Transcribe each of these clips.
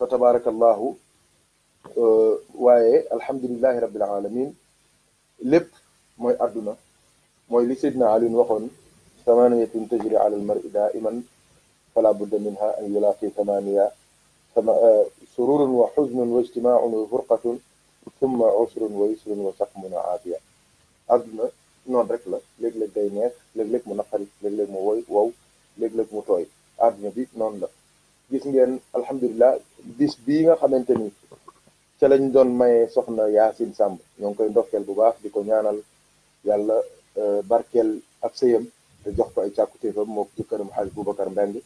فتبارك الله واي الحمد لله رب العالمين لب موي ادنا موي لي سيدنا علي وخون ثمانيه تجري على المرء دائما فلا بد منها ان يلاقي ثمانيه سرور وحزن واجتماع وفرقه ثم عسر ويسر وسقم عافية ادنا نون رك لا ليك ليك داي نيك ليك ليك مو نخاري ليك ليك مو واي واو ليك ليك مو توي ادنا بي نون لك gis ngeen alhamdulilah bis bii nga xamante ni ca lañ doon mayee soxna Yaasin Sàmb ñoo ngi koy ndokkeel bu baax di ko ñaanal yàlla euh, barkeel ab sëyam te jox ko ay càkkutéefam moo jëkkëram xaaj Boubacar Mbengue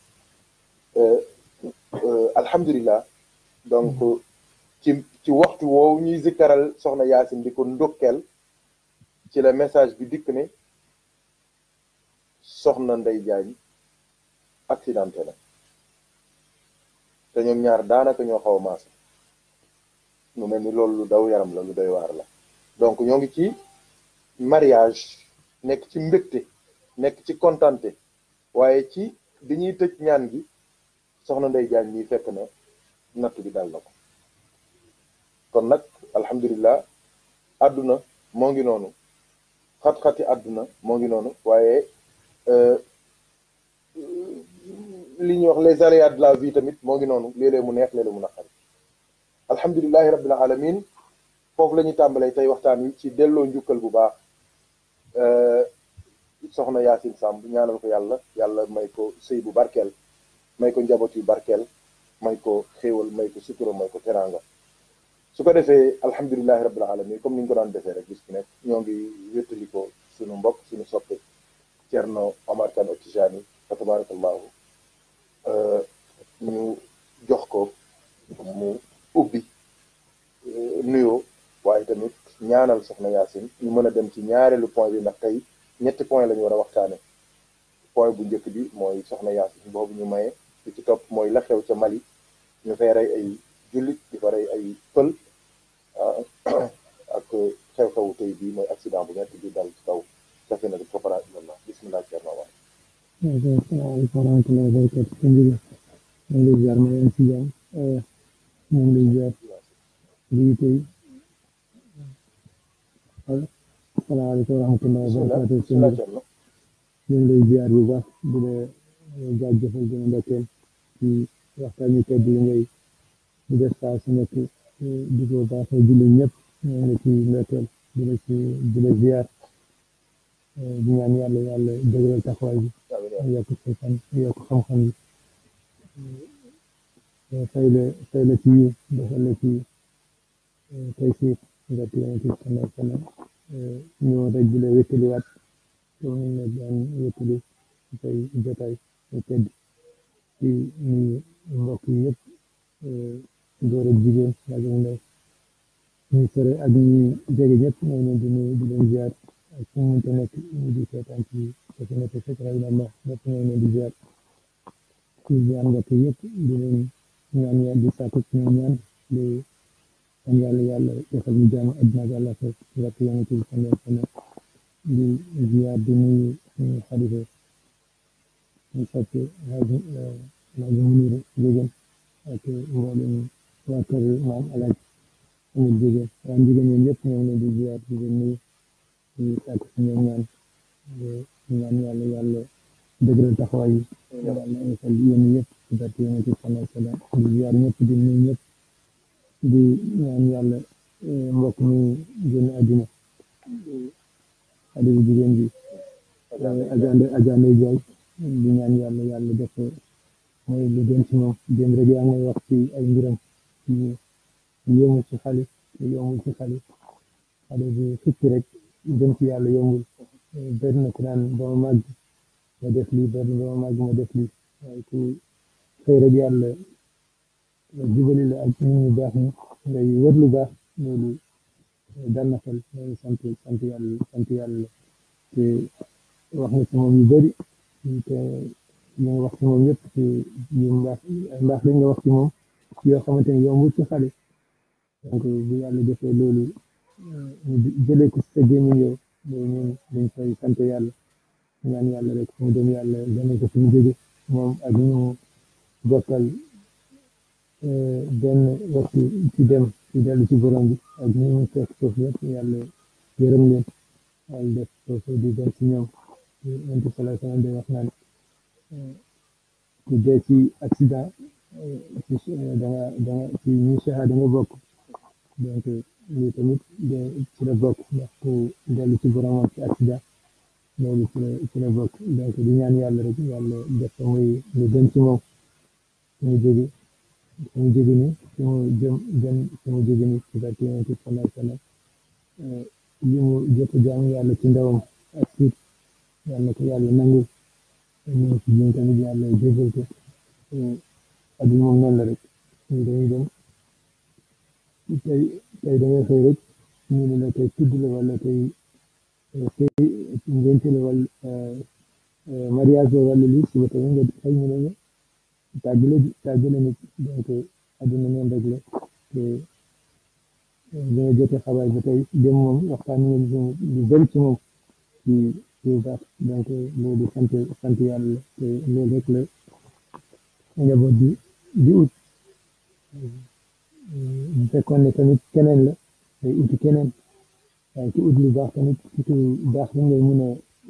euh, euh, alhamdulilah donc ci ci waxtu woowu ñuy zikkaral soxna Yaasin di ko ndokkeel ci la message bi dikk ne soxna Ndey Jaañ accidenté te ñoom ñaar daanaka ñoo xaw a mu mel ni loolu lu daw yaram la lu doy waar la donc ñoo ngi ci mariage nekk ci mbégte nekk ci kontante waaye ci bi ñuy tëj ñaan gi soxna Ndey Jaañ ñi fekk na natt bi dal na ko kon nag alhamdulilah àdduna moo ngi noonu xat-xati àdduna moo ngi noonu waaye euh, li ñuy wax les aléas de la vie tamit moo ngi noonu léeg-léeg mu neex léeg-léeg mu naqari alhamdulilahi rabbil alamin foofu la ñuy tàmbalee tey waxtaan wi ci delloo njukkal bu baax soxna Yacine Samb ñaanal ko yàlla yàlla may ko sëy bu barkeel may ko njabot yu barkeel may ko xéewal may ko sutura may ko teranga su ko defee alhamdulilahi rabbil alamin comme ni ñu ko daan defee rek gis ki nekk ñoo ngi wéttali suñu mbokk suñu soppe Cerno Omar Kan Otijani fa tabarakallahu Euh, ñu jox ko mu ubbi euh, nuyoo waaye tamit ñaanal soxna Yaasin ñu mën a dem ci ñaareelu point bi ndax tey ñetti point la ñu war a waxtaane point bu njëkk bi mooy soxna Yaasin boobu ñu maye li ci topp mooy la xew ca Mali ñu fa rey ay jullit di fa rey ay pël ah, ak xew-xewu tey bii mooy accident bu metti bi dal ci kaw safina bi Fapal ak bisimilah Thierno Waane salaamaaleykum wa rahmatulah wa barakatu sëñ bi ñu ngi lay ziar ma leen si jàmm ñu ngi lay ziar lii tey salaamaaleykum wa rahmatulah wa barakatu sëñ bi ñu ngi lay ziar bu baax di la jaajëfal gën a ndokkeel ci waxtaan yu tedd yi ngay di def saa su nekk di ko baaxee julli ñëpp ñu ngi la ci ndokkeel di la ci di la ziar di ñaan yàlla yàlla dëgëral taxawaay bi yokk seetaan yokk xam-xam yi fay la fay la ci yiw defal la nga tiyanti sama sama ñëw rek di la wéttaliwaat soo ñu ne daan wéttali tey jotaay tedd ci ñu mbokk yi ak jigéen mag mu di seetaan ci te fi nekk fekk na dina baax ñëpp ñoo di jaar ci jaar nga ñaan di sàkku ci ñaan di am yàlla yàlla defal ñu jàmm àddina ak yàlla di ziar di nuyu suñu xalifa ñu sàkk laaj laaj Muniru ak mboolem waa maam alaaj amul Jógeen waa Jógeen ñoom di ziar di leen di sàkku ci ñaan ñaan yàlla yàlla dëgëral taxawaay yi yàlla na insal yéen yëpp ci di ñaan yàlla eh, mbokk mi génn àddina xale bu jigéen bi ajande ajande jaay di ñaan yàlla yàlla def mooy lu gën ci moom dem rek yaa ngay wax ay mbiram ñu yéemu ci xale yéemu ci xale xale bi fukki rek dem ci yàlla yombul benn ku naan ba ma màgg ma def lii benn ba ma màgg ma def lii waaye ku xëy rek yàlla jubali la ak nit ñu baax ñi ngay wër lu baax loolu dal na xel loolu sant sant yàlla sant yàlla te wax na ci moom yu bëri te li nga wax ci moom yëpp ci yu mbaax ay mbaax li nga wax ci moom yoo xamante ni yombul ci xale donc bu yàlla defee loolu ñu jëlee ko ci sa gémmiñ yow ñun dañ koy sant yàlla ñaan yàlla rek mu yàlla gane ko fi mu moom ak ñu bokkal benn waxtu ci dem ci dellu ci borom bi ak ñu mu fekk foofu yëpp yàlla yërëm leen def di dem ci ñoom enti sala salam day wax naan ku dee ci danga danga ci ñi shahada nga bokk lii tamit de ci la bokk ndax ku dellu ci boromam ci asida loolu ci la bokk donc di ñaan yàlla rek yàlla def ko muy lu gën ci moom su mu jóge su mu jóge ni jëm jëm euh, jaamu yàlla ci ndawam ak siit yàlla ko yàlla nangu yàlla jégal ko euh, moom noonu rek ñu dañuy dem tey da ngay xëy rek ñu ne la tey tudd la wala tey euh, tey ngénte la wala euh, euh, mariage la wala lii suba tamit nga xëy ñu ne la tàggale tàggale nit donc àdduna noonu rek la te dina xabaar ba tey dem moom waxtaan ngeen lu ci moom ci ci baax donc loolu sant sant yàlla te loolu rek la njaboot di ut intakon kanit kanan la uti kanan ki udli baax tamit surtout baax la ngay mën a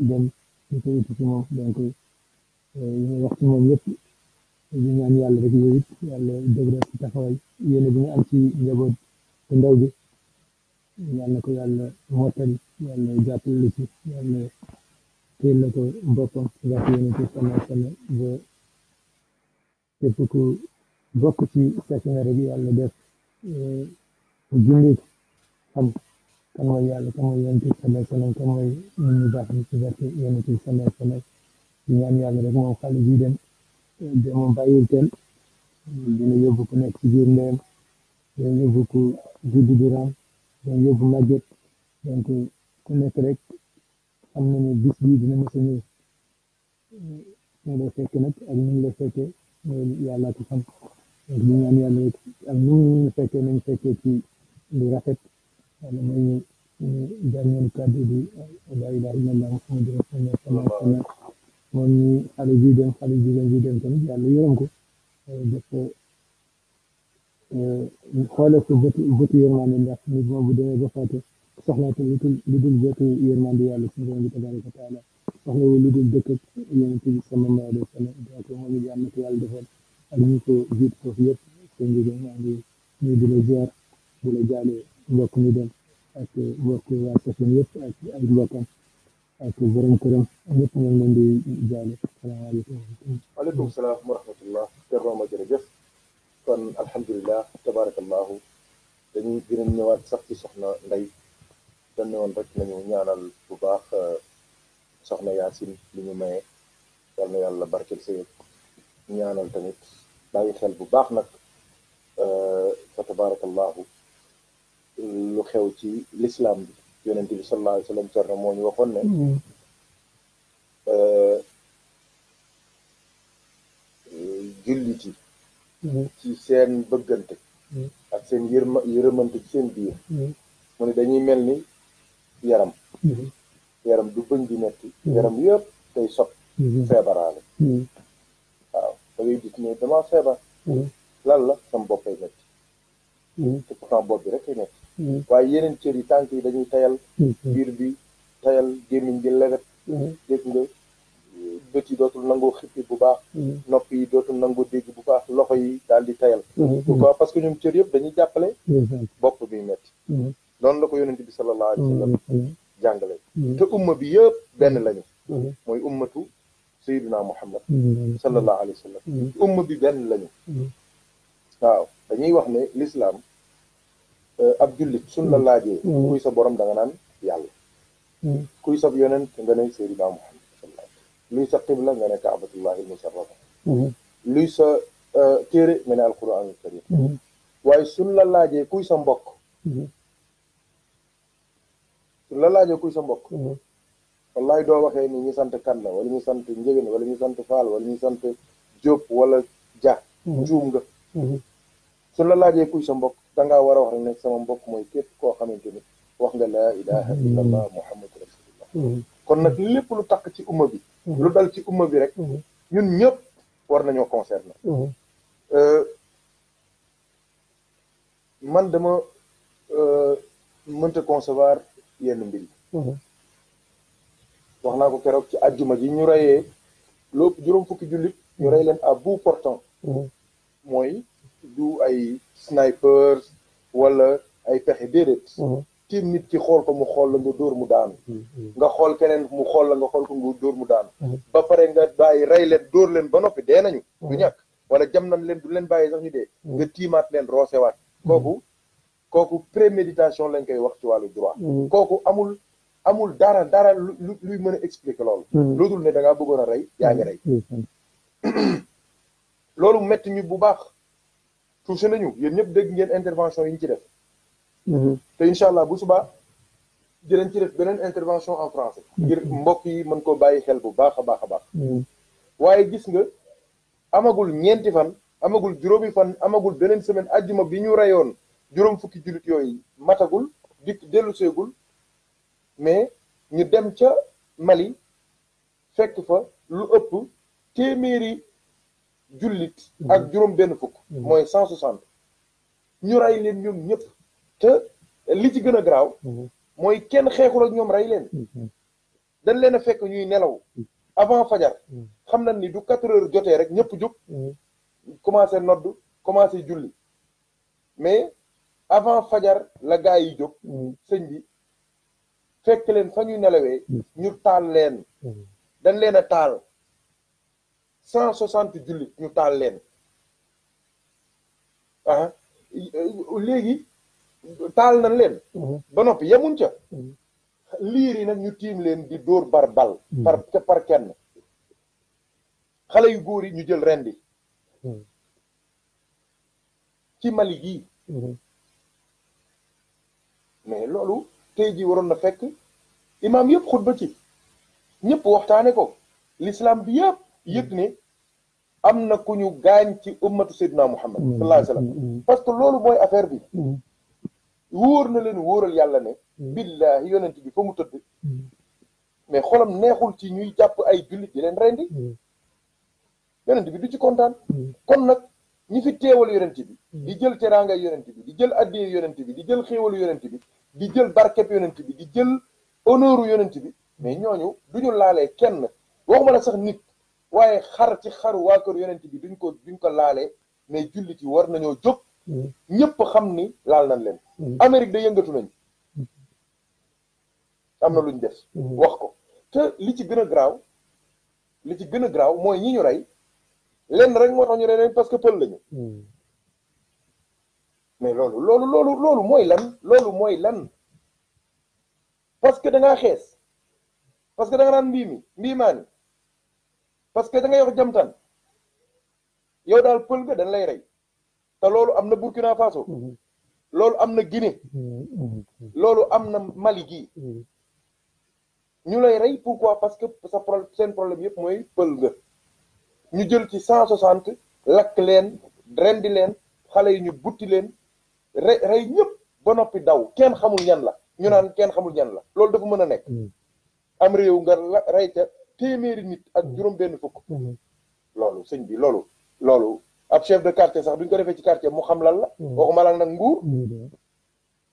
dem ñu koy uti ci moom donc yi nga wax ci moom yépp di ñaan yàlla rek yow it yàlla dëgëral ci taxawal yéene bi nga am ci njaboot bu ndaw bi yàlla ko yàlla mottali yàlla jàppale la ci yàlla teel la ko boppam ndax yéene ci sama sama ba képp ku bokk ci sa rek yàlla def jullit xam kan mooy yàlla kan mooy yonent sallallahu mooy nit ñu baax ñi ci barke yonent sallallahu ñaan yàlla rek moom xale bii dem de moom bàyyil teel dina ku nekk ci biir ndeyam dina yóbbu ku juddu di raam dina yóbbu màgget donc ku nekk rek xam na ne bis bii dina mos a ñëw ñu fekk nag ak ñu lay fekkee yàlla ko xam di ñaan yàlla ak nu ñu fekkee nañ fekkee ci lu rafet yàlla mooy ñu ñu dernier kàddu bi laa ilaaha illallaah muhammadu rasuulullaah moom ñu xale ji dem xale jigéen ji dem tamit yàlla yërëm ko euh, dafa xoolee ko bëtu euh, bëtu yërmande ndax nit moom bu demee ba faatu soxlaatu lu dul bëtu yërmande yàlla suñu borom bi tabaaraka wa taala soxlawul lu dul dëkk ak yonent bi sallallahu alayhi wa sallam moom it yàlla na ko yàlla defal ak ñi ko jiit foofu yëpp seen liggéey maa ngi ñu di la ziar di la jaale mbokk mi dem ak mbokk waa Safin yëpp ak ay mbokkam ak borom këram ñëpp ñu ngi leen di jaale salaamaaleykum. salaam wa rahmatullah a ñëwaat sax ci soxna Ndeye dañ ne woon rek nañu ñaanal bu baax euh, soxna Yacine li ñu maye yal na yàlla barkeel sa yëpp ñaanal tamit. bàyyi xel bu baax nag euh, fa tabarakallahu lu xew ci lislaam bi yonent bi sallallahu alayhi wa sallam moo ñu waxoon ne mm-hmm. euh, jullit yi mm-hmm. ci seen bëggante mm-hmm. ak seen yërma yërëmante ci seen biir mu ne dañuy mel ni yaram yaram du bëñ di metti yaram yëpp tey sot feebaraale da ngay gis ne damaa feebar. Mm-hmm. lan la sama boppay métti. Mm-hmm. te pourtant bopp bi rek ay métti. Mm-hmm. waaye yeneen cër yi tànk yi dañuy tayal. biir bi tayal gémmiñ gi lewet. dégg nga bët yi dootul nangoo xippi bu baax. nopp yi dootul nangoo dégg bu baax loxo yi daal di tayal. pourquoi parce que ñoom cër yëpp dañuy jàppale. bopp bi métti. noonu la ko yonent bi sallallahu alayhi wa sallam jàngale. te umma bi yëpp benn lañu. mooy ummatu. آه، آه، سيدنا محمد صلى الله عليه وسلم ام بي بن لني واو داني واخ ني الاسلام عبد الله سن الله دي كوي سا بوروم دا نان يالا كوي سا يونن دا ناي سيدنا محمد صلى الله عليه وسلم لي سا قبل نغ ناي كعبه الله المشرفه لي سا آه، تيري من القران الكريم واي سن الله دي كوي سا مبوك سن الله دي كوي سا مبوك wallaay doo waxee ni ñu sant kanna la wala ñu sant njëgën wala ñu sant faal wala ñu sant jóob wala ja mhm. njuum mhm. su la laajee kuy sa mbokk dangaa war a wax rek ne sama mbokk mooy képp koo xamante ni wax nga laa ilaha mhm. illa allah muhammadu rasulullah kon nag lépp lu takk ci umma bi lu dal ci umma bi rek ñun ñëpp war nañoo concerné euh, man dama euh, mënta concevoir yenn mbir wax naa ko keroog ci àjjuma ji ñu reyee lépp juróom fukki jullit ñu rey leen à bout portant mooy du ay snipers wala ay pexe déedéet tiim nit ki xool ko mu xool la nga dóor mu daanu nga xool keneen mu xool la nga xool ko nga dóor mu daanu ba pare nga bàyyi ray leen dóor leen ba nopi dé nañu du ñak wala jam nañ leen du leen bàyyi sax ñu dé nga tiimaat leen wat koku koku préméditation lañ koy wax ci walu droit koku amul amul dara dara luy mën a expliquer loolu. Hmm. lu ne da ngaa bëggoon a rey yaa ngi rey. Hmm. Hmm. loolu metti ñu bu baax touché nañu yéen ñëpp dégg ngeen intervention yi ñu ci def. te incha allah bu suba dinañ ci def beneen intervention en français. ngir mbokk yi mën ko bàyyi xel bu baax a baax a baax. waaye gis nga amagul ñeenti fan amagul juróomi fan amagul beneen semaine ajjuma bi ñu reyoon juróom fukki jullit yooyu matagul dikk delluseegul. mais ñu dem ca Mali fekk fa lu ëpp téeméeri jullit ak mhm. juróom benn fukk mhm. mooy cent soixante ñu rey leen ñoom ñëpp te li ci gën a garaaw mhm. mooy kenn xeexul ak ñoom rey leen dañ leen a fekk ñuy nelaw avant fajar xam nañ ni du quatre heures jotee rek ñëpp jóg commencé nodd commencé julli mais avant fajar la gaa yi jóg bi fekk leen fa ñuy nelawee mm. ñu taal leen mm. dañ leen a taal cent soixante jullit ñu taal leen ah léegi taal nañ leen mm. ba noppi yemuñ ca liir yi nag ñu tiim leen di dóor bar bal par par kenn xale yu góor yi ñu jël rendi ci Mali gi mais loolu tey ji waroon na fekk imam yëpp xutba ci ñëpp waxtaane ko l'islam bi yëpp yëg ne am na ku ñu gaañ ci ummatu sayyidina muhammad sallallahu alayhi wasallam parce que loolu mooy affaire bi wóor na leen wóoral yàlla ne billahi yonent bi fa mu tëdd mais xolam neexul ci ñuy jàpp ay jullit di leen rendi yonent bi du ci kontaan kon nag ñi fi teewal yonent bi di jël teranga yonent bi di jël addiyee yonent bi di jël xéewalu yonent bi di jël barkeb yonent bi di jël honneuru yonent bi mais ñooñu du ñu laalee kenn waxuma la sax nit waaye xar ci xaru waa kër yonent bi duñ ko duñ ko laalee mais jullit yi war nañoo jóg mm. ñëpp xam ni laal nañ leen mm. Amérique da yëngatu nañ mm. am na lu ñu def wax ko te li ci gën a li ci gën a mooy ñi ñu rey lenn rek moo tax ñu rey leen parce que pël lañu mais lolu lolu lolu lolu moy lan lolu moy lan parce que da nga xess parce que da nga nan mbimi mi parce que da nga yox jamtan yow dal peul nga dañ lay ray ta lolu amna Burkina Faso lolu amna Guinée lolu amna Mali gi ñu lay ray pourquoi parce que sa problème sen problème yep moy peul nga ñu jël ci 160 lak len rendi len xalé yi ñu buti len rey ñep ba nopi daw kenn xamul ñan la ñu naan kenn xamul ñan la loolu dafa mëna nek mm. am rew nga rey ca téméri nit ak mm. juroom benn fukk mm-hmm. loolu señ bi loolu loolu ab chef de quartier sax duñ ko defé ci quartier mu xam lan la mm. waxuma la nak nguur mm-hmm.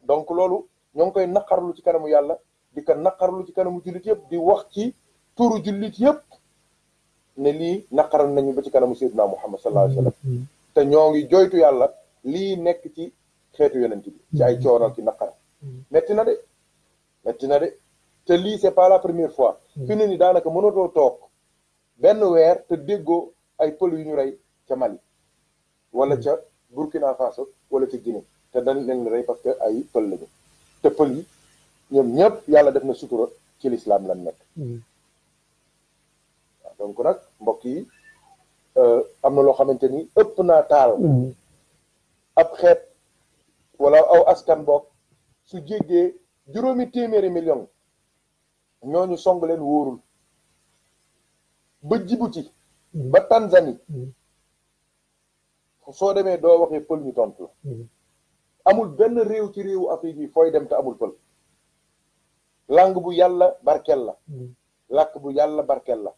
donc loolu ñong koy nakarlu ci kanamu yalla di ko nakarlu ci kanamu julit di wax ci turu julit yëpp ne li naqaral nañu ba ci kanamu sayyidina muhammad sallallahu alaihi wasallam. Mm-hmm. te ñoo ngi joytu yalla li nek ci xeetu yonent bi ci ay mm-hmm. coono ki naqar mm-hmm. metti na de metti na de te lii c'est pas la première fois mm-hmm. fi ne ni daanaka mënatoo toog benn weer te déggoo ay pël yu ñu rey ca Mali wala ca Burkina Faso wala ca Guinée te dañ leen rey parce que ay pël lañu te pël yi ñoom ñëpp yàlla def na sutura ci lislaam lan nekk waaw donc nag mbokk yi euh, am na loo xamante ni ëpp naa taal ab xeet wala aw askan book su jéggee juróomi téeméeri million ñooñu song leen wóorul ba Djibouti ba Tanzanie mm-hmm. soo demee doo waxee pël ñu tontu la mm-hmm. amul benn réew ci réewu Afrique yi fooy dem te amul pël langue bu yàlla barkeel la mm-hmm. làkk bu yàlla barkeel la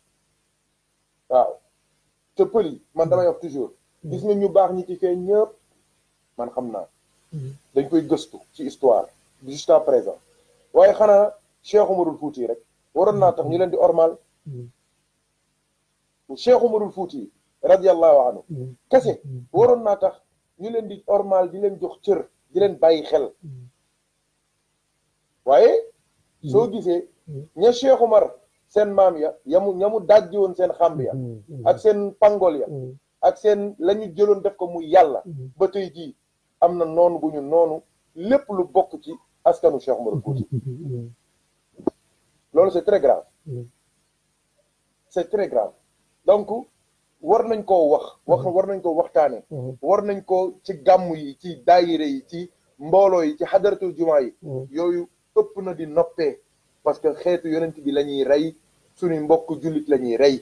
waaw te pël yi man damay wax toujours gis nga ñu baax ñi ci feeñ ñëpp man xam naa Mm-hmm. dañ koy gëstu ci histoire jusqu'à waaye xanaa Cheikh Umarul Fuuti rek waroon naa tax ñu leen di ormal mm-hmm. Cheikh Umarul Fuuti radiallahu anhu mm-hmm. kese waroon naa tax ñu leen di ormal di leen jox cër di leen bàyyi xel waaye soo gisee ña Cheikh Umar seen maam ya yamu ñamu dajji woon seen xàmb ya ak seen pangol ya ak seen lañu jëloon def ko muy yàlla ba tey jii am na noonu bu ñu noonu lépp lu bokk ci askanu Cheikh Oumar Fouti loolu c'est très grave c'est très grave donc war nañ koo wax wax war nañ ko waxtaane war nañ ko ci gàmm yi ci daayire yi ci mbooloo yi ci xadaratul jumaa yi yooyu ëpp na di noppe parce que xeetu yonent bi la ñuy rey suñu mbokk jullit la ñuy rey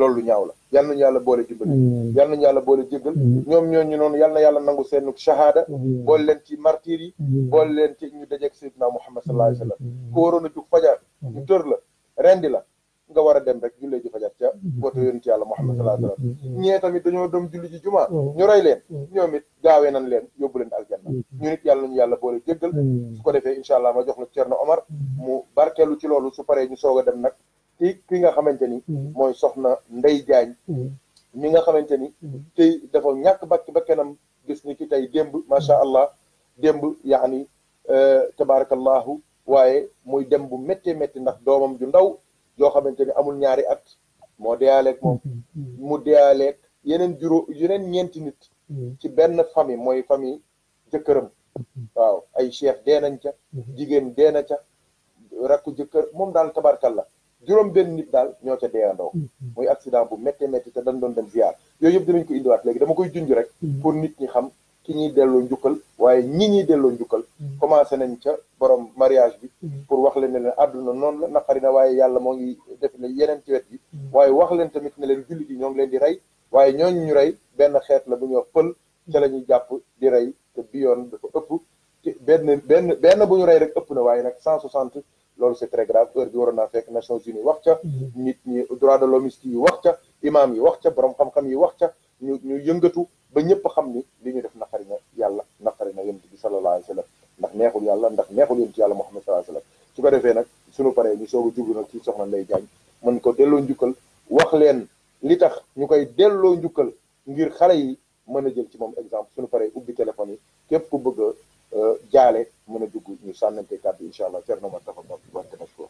loolu lu ñaaw la yal nañu yàlla boole dimbali yal nañu yàlla boole jéggal ñoom ñooñu noonu yal na yàlla nangu seen shahada boole leen ci martyr yi boole leen ci ñu dajeeg Seydina Muhammad sallallahu alayhi wa sallam ku waroon a jug fajar ñu tër la rendi la nga war a dem rek jullee ji fajar ca booto yonent yàlla Muhammad sallallahu alayhi wa ñee tamit dañoo dem julli ji jumaa ñu rey leen ñoom it gaawee nañ leen yóbbu leen aljanna ñu nit yàlla nañu yàlla boole jéggal su ko defee incha allah ma jox la na Omar mu barkeelu ci loolu su paree ñu soog a dem nag ki ki nga xamante ni mm. mooy soxna Ndey Jaañ mi mm. nga xamante ni mm. tey dafa ñàkk bakk ba gis ni ki tey démb macha allah démb yaani euh, tabaarakallahu waaye muy dem bu méttee métti ndax doomam ju ndaw yoo xamante ni amul ñaari at moo deyaaleeg moom mu deyaaleeg yeneen juróom yeneen ñeenti nit ci benn famille mooy famille jëkkëram waaw ay cheikh deenañ ca mm-hmm. jigéen deena ca rakku jëkkër moom daal tabaarkalla juróom benn nit daal ñoo ca deeyandoo mm-hmm. muy accident bu métti métti te dañ doon dem ziar yooyu yëpp dinañ ko indiwaat léegi dama koy junj rek mm-hmm. pour nit ñi xam ki ñuy delloo njukkal waaye ñi ñuy delloo njukkal mm-hmm. commencé nañ ca borom mariage bi pour wax leen ne leen àdduna noonu la naqari na waaye yàlla moo ngi def ne yeneen ci wet yi waaye wax leen tamit ne leen jullit yi ñoo ngi leen di rey waaye ñoo ñu rey benn xeet la bu ñuy wax pël ca la ñuy jàpp di rey te bi yoon dafa ëpp benn benn benn bu ñu rey rek ëpp na waaye nag cent soixante loolu c' est très grave heure bi waroon naa fekk Nations Unies wax ca nit ñi droit de l'homme yi wax ca imaam yi wax ca borom xam-xam yi wax ca ñu ñu yëngatu ba ñëpp xam ni li ñu def naqari na yàlla naqari na yonent di sallallahu alayhi wa sallam ndax neexul yàlla ndax neexul yonent yàlla Muhammad sallallahu alayhi wa sallam su ko defee nag suñu paree ñu soog a jublu nag ci soxna Ndeye Diagne mën ko delloo njukkal wax leen li tax ñu koy delloo njukkal ngir xale yi mën a jël ci moom exemple suñu paree ubbi téléphone yi képp ku bëgg jaale mën a dugg ñu sànnante kàddu incha allah Thierno ma tafa ba barke na ko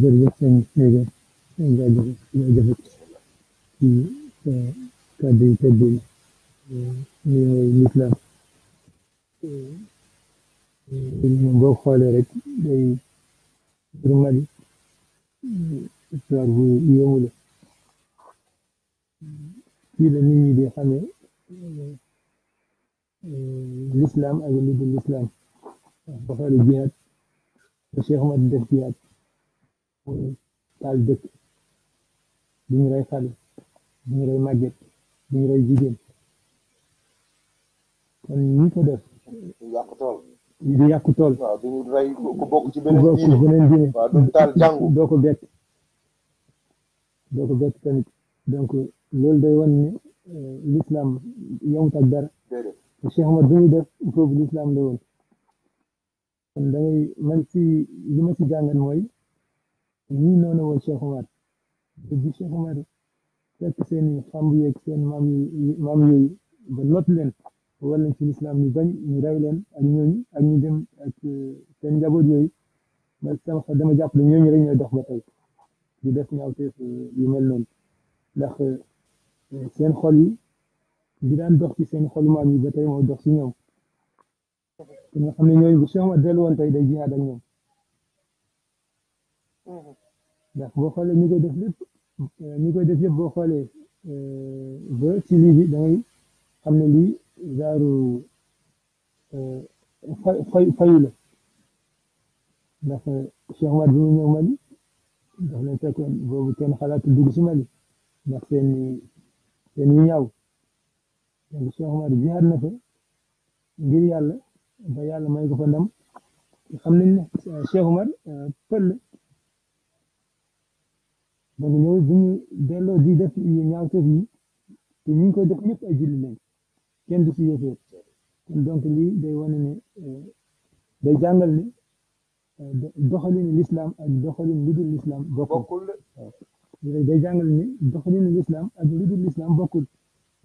jërëjëf sëñ Séga sëñ jaajëf jaajëf ci kàddu yi tedd yi nuyoo lislaam moom boo xoolee rek day jurmali histoire bu yéemu la fii la nit ñi di xamee l'islam ak lu dul l'islam ba pare jihaad ba Cheikh Omar def taal dëkk bu ñu rey xale bu ñu rey màgget bu ñu rey jigéen kon ñi ko def yàq di yàq tool waaw du ku bokk ci beneen diine ku beneen diine waaw du taal jàngu ko bett doo ko bett tamit day wan euh, l'islam yomut ak dara Cheikh Omar bi muy def preuve l'islam la woon kon da ngay man si li ma si jàngat mooy ñii noonu woon Cheikh Omar te bi Cheikh Omar fekk seen fàmb yeeg seen maam yi maam yooyu ba lot leen war nañ ci l'islam ñu bañ ñu rey leen ak ñooñu ak ñu dem ak euh, seen njaboot yooyu ma sama xel dama jàpp ne ñooñu rek ñooy dox ba tey di def ñaawteef euh, yu mel noonu ndax euh, seen xol yi di daan dox ci seen xolu maam yi ba tey moo dox ci ñoom te nga xam ne ñooñu bu Cheikh Omar dellu woon tey day jihaad ak ñoom ndax boo xoolee ñi koy def lépp ñi koy def yëpp boo xoolee ba ci lii bi da ngay xam ne lii zaaru fay fay fayu la ndax Cheikh Omar bi mu ñëw Mali daf leen fekkoon boobu kenn xalaatu dugg si Mali ndax seen seen yu ñaaw donc Cheikh Omar jihaad na fa ngir yàlla ba yàlla may fa ndam xam nañ ne euh, Cheikh Omar euh, pël donc ñoom bu ñu delloo di def ñaawteef yi te ñu ngi koy def ñëpp ay julli lañ kenn du si yëfee kon donc lii day wane ne euh, day jàngal ne doxalinu lislaam ak doxalin lu dul lislaam bokkul day ak lu dul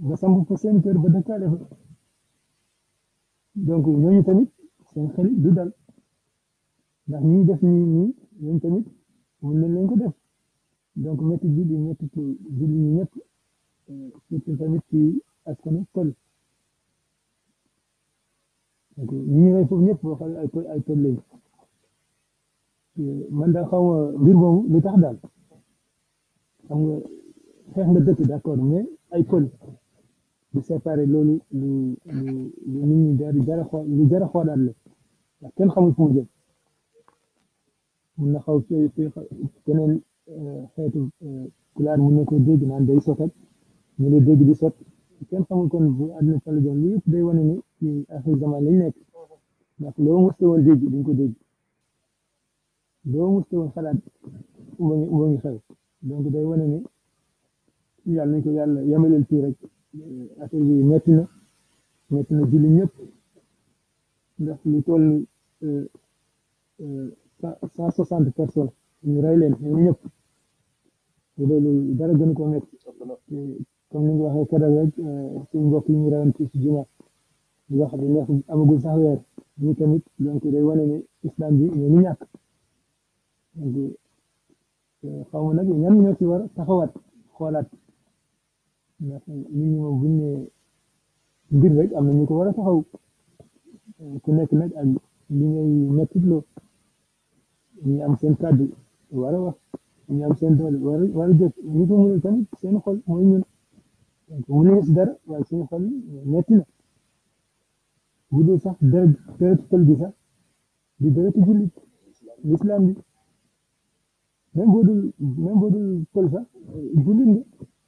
nga samp ko seen kër ba dëkkaale fa donc ñooñu tamit seen xel du dal ndax ñuy def nii nii tamit moom lañ leen ko def donc métti julli métti ci julli ñi ñëpp surtout tamit ci askanu pël donc ñi ñu rey foofu ñëpp boo xam ay pël ay man daal xaw ma mbir boobu lu tax daal xam nga xeex nga dëkk d'accord mais ay pël di séparé loolu lu lu lu nit ñi jar jar a xool lu jar a xoolaat la ndax kenn xamul fu mu jëm mun na xaw fee fee keneen xeetu kulaar mun na ko dégg naan day sotat ñu lay dégg di sot kenn xamul kon bu àdduna fa la jëm lii yëpp day wane ni ci axir zaman lañ nekk ndax loo musta woon dégg dañ ko dégg loo musta woon xalaat woo ngi woo ngi xew donc day wane ni yàlla nañ ko yàlla yamaleel fii rek affaire bi métti na métti na julli ñëpp ndax lu toll cent soixante personnes ñu rey leen ñoom ñëpp te loolu dara gën koo métti comme ni nga waxee keroog rek suñu mbokk yi ñu reyoon ci si juma di wax di neex amagul sax weer ñi tamit donc day wane ne islam bi ñoo ñu ñàkk donc xaw ma nag ñan ñoo ci war taxawaat xoolaat ndax nit ñi moom bu ñu nee mbir am na ñu ko war a taxaw ku nekk nag ak li ngay mettitloo ñu am seen kàddu war a wax am seen doole war a war a jëf ñu ko mënul tamit seen xol mooy ñun mënuñu si dara waaye na bu dee sax dara dërëtu pël di dërëtu jullit lislaam bi même boo dul même boo dul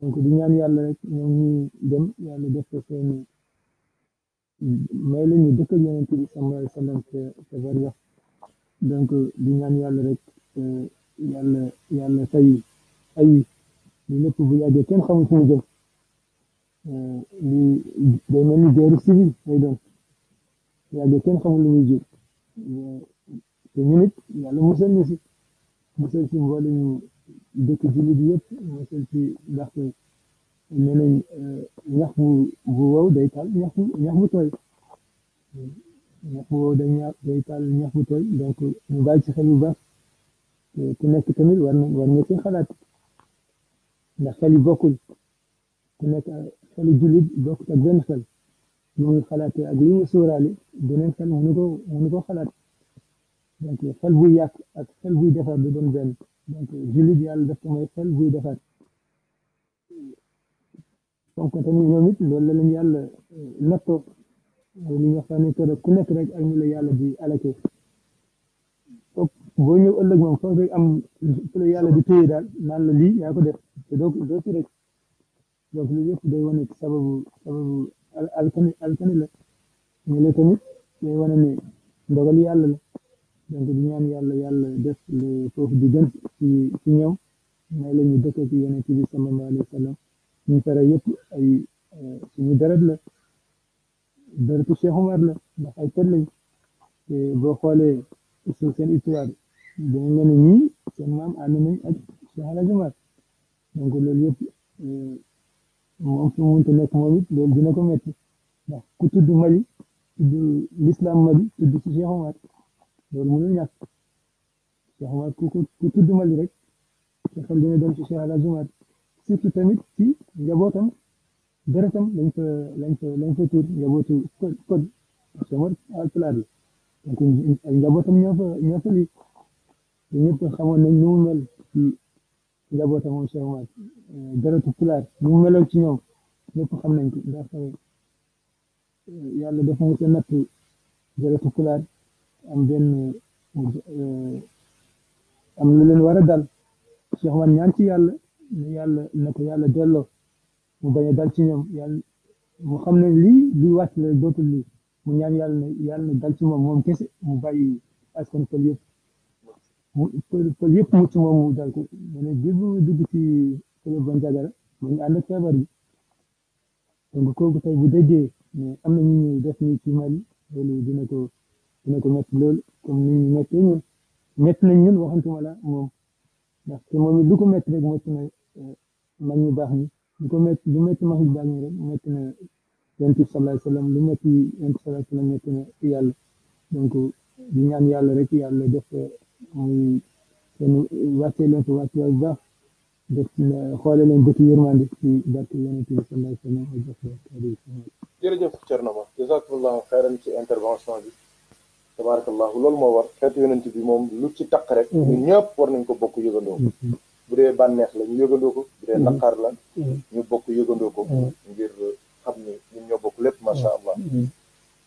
donc di ñaan yàlla rek ñoom ñuy dem yàlla def ko seen may la ñu dëkk ak yonent bi sallallahu alayhi wa sallam ca ca Barga donc di ñaan yàlla rek yàlla yàlla ay li lépp bu yàggee kenn xamul fu mu jëm euh, li day mel ni guerre civile lay doon bu xamul lu muy jëm euh, te ñu si musal si بكجيلي ديت مثلتي نحو منين آه، نحو هو دايتال نحو نحو توي نحو دنيا دايتال نحو توي دونك موبايل تخلو بس كنا تكمل ورميتين خلات نخلي بوكل كنا خلي جلد بوك تبدأ نخل يوم خلات أقولي وصورة لي دونين خل ونقو ونقو خلات دونك خل وياك أكثر ويدفع بدون ذنب donc julli bi yàlla def ko may xel buy defaat donc tamit ñoom it loolu la leen yàlla nattoo li ñu waxtaanee que ku nekk rek ak ñu la yàlla di alake donc boo ñëw ëllëg moom foog rek am fu la yàlla di téye daal naan la lii yaa ko def te doo doo ci rek donc lu yëpp day wane sababu sababu alkani alkani la ñu la tamit day wane ne ndogal yàlla la donc di ñaan yàlla def ci ci la ci bi sama ñu fere yëpp ay euh, suñu la Cheikh Omar la ay lañ te boo xoolee seen histoire leen seen maam ànd nañ ak Cheikh Alhaji donc loolu yëpp euh, moom ko l'islam Mali tudd ci Cheikh loolu mënul ñàkk Cheikh Omar ku ku ku tudd rek nga xam dina tamit ci njabootam deretam lañ fa lañ fa lañ fa tuur njabootu code code Cheikh Omar alpulaar ñoo fa ñoo fa lii xamoon nañ nu mu mel ci njabootam moom Cheikh Omar euh, deretu pulaar nu mu ci ñoom ñëpp xam nañ ko ndax euh, yàlla dafa mos a natt deretu pulaar am benn euh, am lu leen war a dal Cheikh man ñaan ci yàlla na yàlla na ko yàlla delloo mu bañ a dal ci ñoom yàlla mu xam ne li lii wàcc la li mu ñaan yàlla yàlla na dal ci moom moom kese mu bàyyi askan pël yëpp mu pël yëpp mucc moom mu dal ko mu ne bépp dugg ci kële Bandiagara mu ngi ànd ak feebar bi donc kooku tey bu déggee mais am na ñu ñuy def nii ci Mali loolu dina ko. dina ko métti loolu comme ni ñu métti ñun métti nañ ñun waxantuma la moom ndax te moom it lu ko métti rek métti na eh, mag ñu baax ñi lu ko métti lu métti mag ñu baax ñi rek métti na yonent bi sallallahu alayhi wasallam lu métti yonent bi sallallahu alayhi wasallam métti na yàlla donc di ñaan yàlla rek yàlla def eh, muy seen wàccee leen ko wàccee bu baax def eh, xoole leen bëti yërmande ci barke yonent bi sallallahu alayhi wasallam jërëjëf Thierno Ba jazakumullahu xayran ci intervention bi tabaarakallaahu loolu moo war xeetu yonent bi moom lu ci taq rek mhm. ñun ñëpp war nañ ko bokk yëgandoo ko mhm. bu dee bànneex la ñu yëgandoo ko bu dee mhm. naqar la ñu bokk yëgandoo ko ngir xam ni ñun ñoo bokk lépp macha allah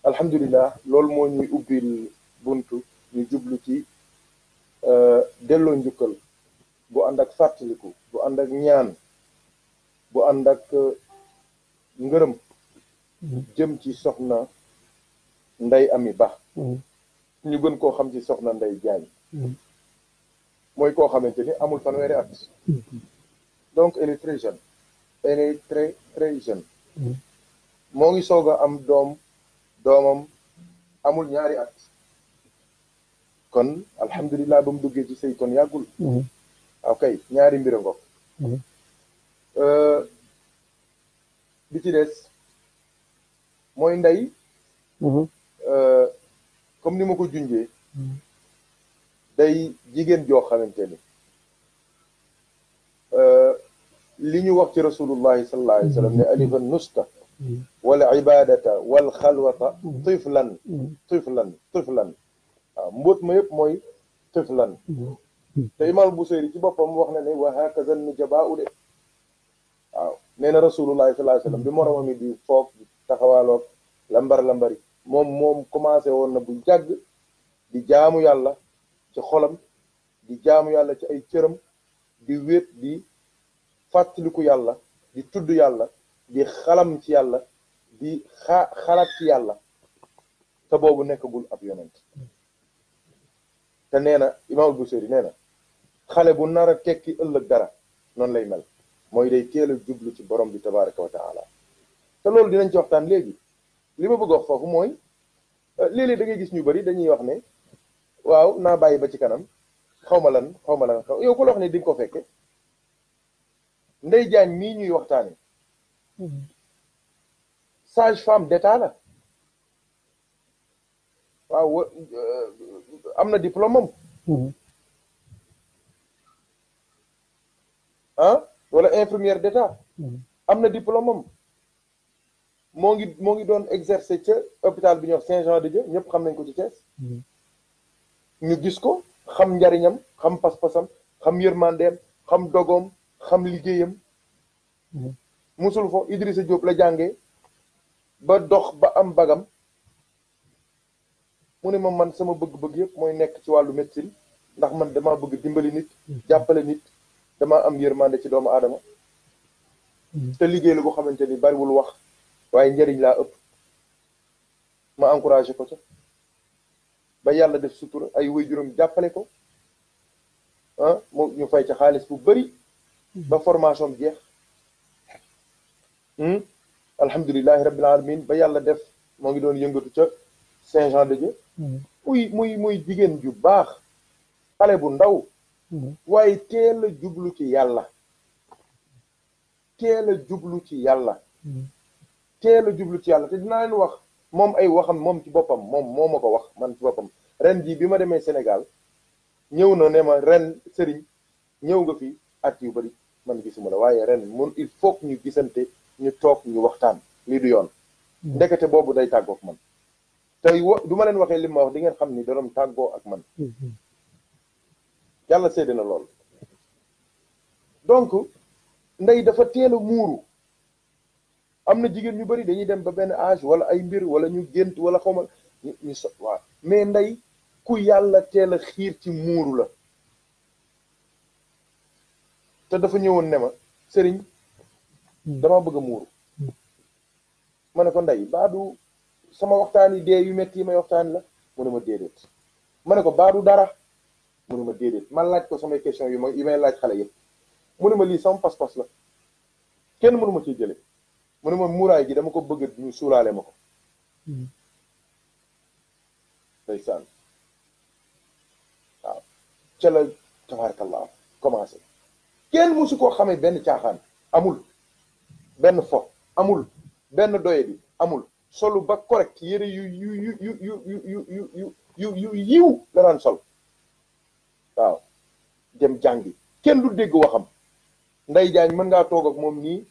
alhamdulilah loolu moo ñuy ubbil buntu ñu jublu ci euh, delloo njukkal bu ànd ak fàttaliku bu ànd ak ñaan bu ànd ak euh, ngërëm jëm ci soxna Ndeye Amy Ba ñu gën koo xam ci soxna Ndeye Diagne mm-hmm. mooy koo xamante ni amul fanweeri at mm-hmm. donc elle très jeune elle est jeune mm-hmm. moo ngi soog a am doom doomam amul ñaari at kon alhamdulilah ba mu duggee ci sëy kon yàggul ok ñaari mbir a bi euh, ci des mooy nday euh, comme ni mako jundé day jigen jo xamanteni euh li ñu wax ci rasulullah sallallahu alayhi wa sallam ne alifa nuska wala ibadata wal khalwata tiflan tiflan tiflan mbot ma yep moy tiflan te imaam Buseyri ci bopam wax na ne wa hakazan nujabaau de waaw neena rasulullah sallallahu alayhi wasallam bi moromam yi di foog taxawalok lambar lambari moom moom commencé woon na bu yàgg di jaamu yàlla ci xolam di jaamu yàlla ci ay cëram di wéet di fàttaliku yàlla di tudd yàlla di xalam ci yàlla di xa xalaat ci yàlla te boobu nekkagul ab yonent te nee na imaamul Busiri nee na xale bu nar a tekki ëllëg dara noonu lay mel mooy day teel jublu ci borom bi tabaraka wa taala te loolu dinañ ci waxtaan léegi li ma bëgg wax foofu mooy euh, léeg-léeg da ngay gis ñu bari dañuy wax ne waaw naa bàyyi ba ci kanam xaw ma lan xaw lan xaw yow la wax ne di nga ko fekke ndey jaan mii ñuy waxtaane sage femme d'état la waaw euh, am na diplôme walla ah wala infirmière d'état mm-hmm. am na diplôme am moo ngi moo ngi doon exercer ca hôpital bi ñuy wax saint de dieu ñëpp xam nañ ko ci Thiès. Mm-hmm. ñu gis ko xam njariñam xam pas-pasam xam yërmandeem xam dogoom xam liggéeyam. Mm-hmm. musul fo Idrissa jóob la jànge ba dox ba am bagam mu ne ma man sama bëgg-bëgg yëpp mooy nekk ci wàllu médecine ndax man dama bëgg dimbali nit. Mm-hmm. jàppale nit dama am yërmande ci doomu aadama. te liggéey la ko xamante ni bariwul wax. waaye njariñ laa ëpp ma encouragé ko ca ba yàlla def sutura ay waajuram jàppale ko ah moo ñu fay ca xaalis bu bari ba formation bi jeex hmm? alhamdulilahi rabbil alamin ba yàlla def moo ngi doon yëngatu ca Saint-Jean-de-Dieu hmm. muy muy jigéen ju baax xale bu ndaw hmm. waaye teel jublu ci yàlla teel jublu ci yàlla teel a jublu ci yàlla te dina leen wax moom ay waxam moom ci boppam moom moo ko wax man ci boppam ren jii bi ma demee Sénégal ñëw na ne ma ren sëriñ ñëw nga fi at yu bari man gisuma la waaye ren mun il faut ñu gisante ñu toog ñu waxtaan lii du yoon mm. ndekete boobu day tàggoog man tey du ma leen waxee lim ma wax di ngeen xam ni dorom tàggoo ak man mm-hmm. yàlla séede na lool donc ndey dafa teel a muuru am na jigéen ñu bari dañuy dem ba benn âge wala ay mbir wala ñu gént wala xawma ñu so mais ndey ku yàlla teel a xiir ci muuru la te dafa ñëwoon ne ma sëriñ dama bëgg a muuru ma ne ko ndey baadu sama waxtaan yi dee yu metti yi may waxtaan la mu ma déedéet ma ne ko baadu dara mu ma déedéet ma laaj ko samay question yu ma may laaj xale yi mu ne ma lii sama pas-pas la kenn mënu ma ciy jëlee mu moom ma muuraay gi dama ko bëgg ñu suulaale ma ko ndeysaan waaw ca la tabarakallah commencé kenn musu koo xamee benn caaxaan amul benn fo amul benn doye bi amul solu ba correct yére yu yu yu yu yu yu yu yu yu yiw la daan sol waaw dem jàngi kenn du dégg waxam nday jaañ mën ngaa toog ak moom nii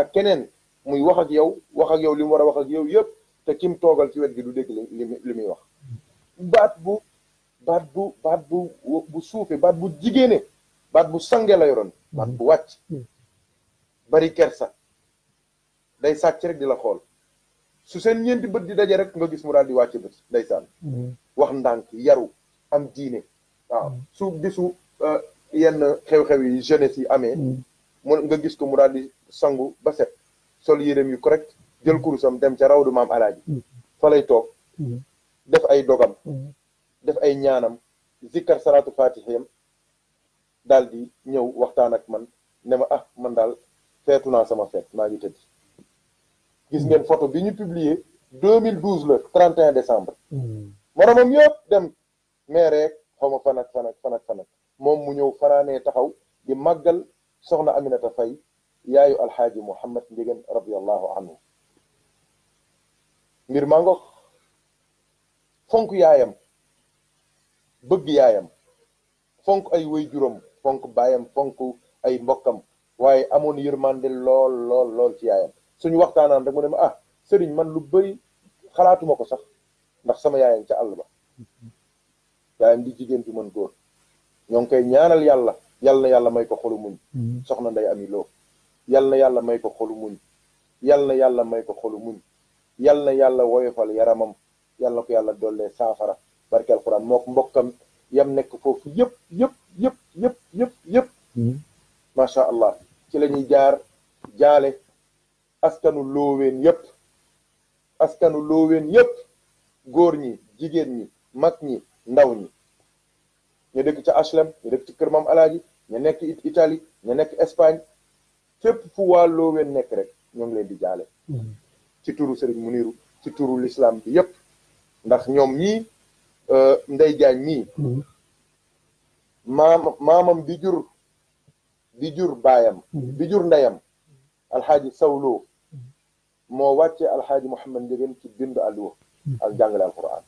ak keneen muy wax ak yow wax yow li mu war a wax ak yow yëpp te kim toogal ci wet gi du dégg li li muy wax baat bu baat bu baat bu bu suufe baat bu jigéene baat bu sange la yoroon baat bu wàcc bari kersa day sàcc rek di la xool su seen ñeenti bët di daje rek nga gis mu daal di wàccee bët ndeysaan wax ndànk yaru am diine waaw su gisu euh, yenn xew-xew yi jeunesse yi amee mm. mu nga gis ko mu daal di sangu ba set sol yéreem yu correct jël kurusam dem ca rawdu maam alaaji mm-hmm. fa toog mm-hmm. def ay dogam mm-hmm. def ay ñaanam zikkar salaatu fatihiyam daal di ñëw waxtaan ak man ne ma ah man daal feetu naa sama feet maa ngi tëdd gis ngeen photo bi ñu publier 2012 le 31 décembre moromam yëpp dem meereek xaw ma fan ak fan ak fan ak moom mu ñëw fanaanee taxaw di màggal soxna Aminata Faye yaayu alxaaji muhammad njegéen radiallahu anhu mbir màngo fonk yaayam bëgg yaayam fonk ay waajuram fonk baayam fonk ay mbokkam waaye amoon yërmande lool lool lool ci yaayam suñu waxtaanaan rek mu ne ma ah sëriñ man lu bari xalaatuma ko sax ndax sama yaayam ca àll ba yaayam di jigéen ju mën góor ñoo ngi koy ñaanal yàlla yàlla na yàlla may ko xolu mm-hmm. soxna nday ami loo yal na yàlla may ko xolu muñ yal na yàlla may ko xolu muñ yal na yàlla woyofal yaramam yal ko yàlla dollee saafara barke alxuraan moo ko mbokkam yam nekk foofu yëpp yëpp yëpp yëpp yëpp yëpp hmm. allah ci la ñuy jaar jaale askanu looween yëpp askanu looween yëpp góor ñi jigéen ñi mag ñi ndaw ñi ñu dëkk ci HLM ñu dëkk ci kër maam alaaji ñu nekk Italie ñu nekk Espagne fépp fu waa ñoo ngi leen di jaale mm-hmm. ci turu Serigne Muniru ci turu lislaam yépp ndax ñoom ñii euh, Ndey Jaañ mii mm-hmm. maamam bi jur bi jur baayam bi mm-hmm. jur ndeyam alxaaji sawlo moo wàcce alxaaji Mouhamed Ndieguene ci bind alluwa ak jàngale alquran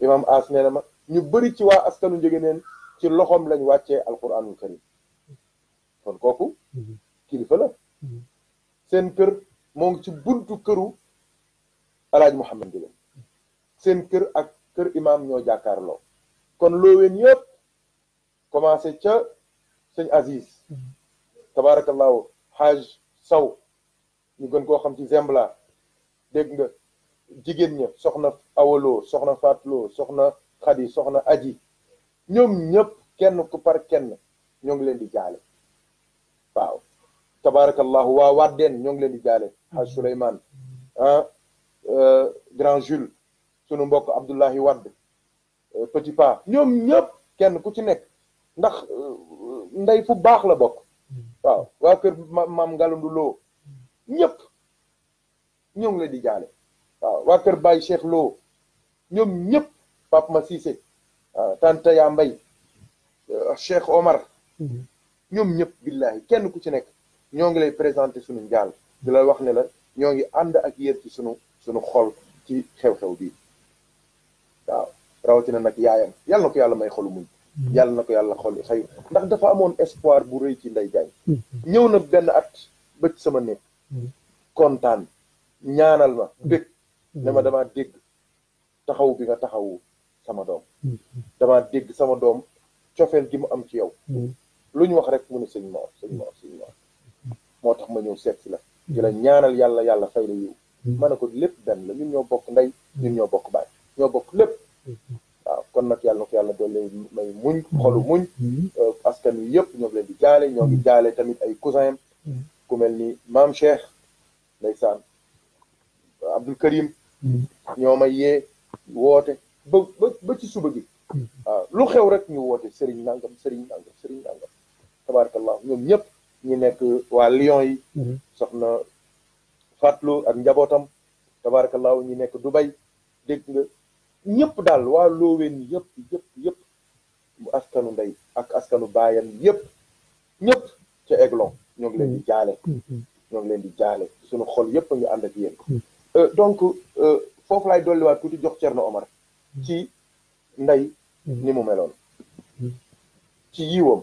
imam as nee na ma ñu bari ci waa askanu Ndieguene ci loxoom lañ wàccee alquranul karim kon kooku kilifa hmm. seen kër moo ngi ci buntu këru alaaj Mouhamed Ndieguene seen kër ak kër imam ñoo jàkkaarloo kon looween yëpp commencé ca sëñ Aziz hmm. tabaarakallaahu xaaj saw ñu gën koo xam ci Zembla dégg nga jigéen ña soxna awaloo soxna faatloo soxna xadi soxna aji ñoom ñëpp kenn ku par kenn ñoo ngi leen di jaale waaw tabarakallahu waa waddeen ñoo ngi leen di jaale haj mm-hmm. Souleymane ah euh, grand Jules sunu mbokk Abdoulahi Wadd euh, petit pas ñoom ñëpp kenn ku ci nekk ndax euh, ndey fu baax la bokk mm-hmm. waaw waa kër maam Ngalandu Lo mm-hmm. ñëpp ñoo ngi leen di jaale waaw waa kër Baye Cheikh Lo ñoom ñëpp Pape Ma Cissé waaw ah, Tante Ya Mbay Cheikh Omar ñoom ñëpp billahi kenn ku ci nekk ñoo ngi lay présenté suñu njaal di la wax ne la ñoo ngi ànd ak yéen ci sunu suñu xol ci xew-xew bii waaw rawatina nag yaayam yàlla na ko yàlla may xolu muñ mm-hmm. yàlla na ko yàlla xol xëy ndax dafa amoon espoir bu rëy ci Ndeye Diagne mm-hmm. ñëw na benn at ba sama néeg mm-hmm. kontaan ñaanal ma dégg ne ma damaa dégg taxaw bi nga taxawu sama doom damaa dégg sama doom cofeel gi mu am ci yow lu ñu wax rek mu sëñ Mor sëñ Mor moo tax ma ñëw seet si la di la ñaanal yàlla yàlla fay la yiw ma ne ko lépp benn la ñun ñoo bokk ndey ñun ñoo bokk baay ñoo bokk lépp waaw kon nag yàlla na ko yàlla doole may muñ xolu muñ askan wi yëpp ñoo ngi leen di jaale ñoo ngi jaale tamit ay cousin am ku mel ni maam Cheikh ndeysaan Abdul Karim ñoo ma yee woote ba ba ba ci suba gi waaw lu xew rek ñu woote sëriñ nangam sëriñ nangam sëriñ nangam tabarakallah ñoom ñëpp ñi nekk waa Lyon yi mhm. soxna Fatlou ak njabootam tabaarakallaahu ñi nekk du bay dégg nga ñëpp daal waa Looween yëpp yëpp yëpp mu askanu ndey ak askanu baayam yëpp ñëpp ca Aiglon ñoo ngi leen di mhm. jaale mhm. ñoo ngi leen di jaale suñu xol yëpp ñu ànd ak yéen euh, donc euh, foofu laay dolliwaat tuuti jox Cerno Omar ci ndey ni mu meloon ci yiwam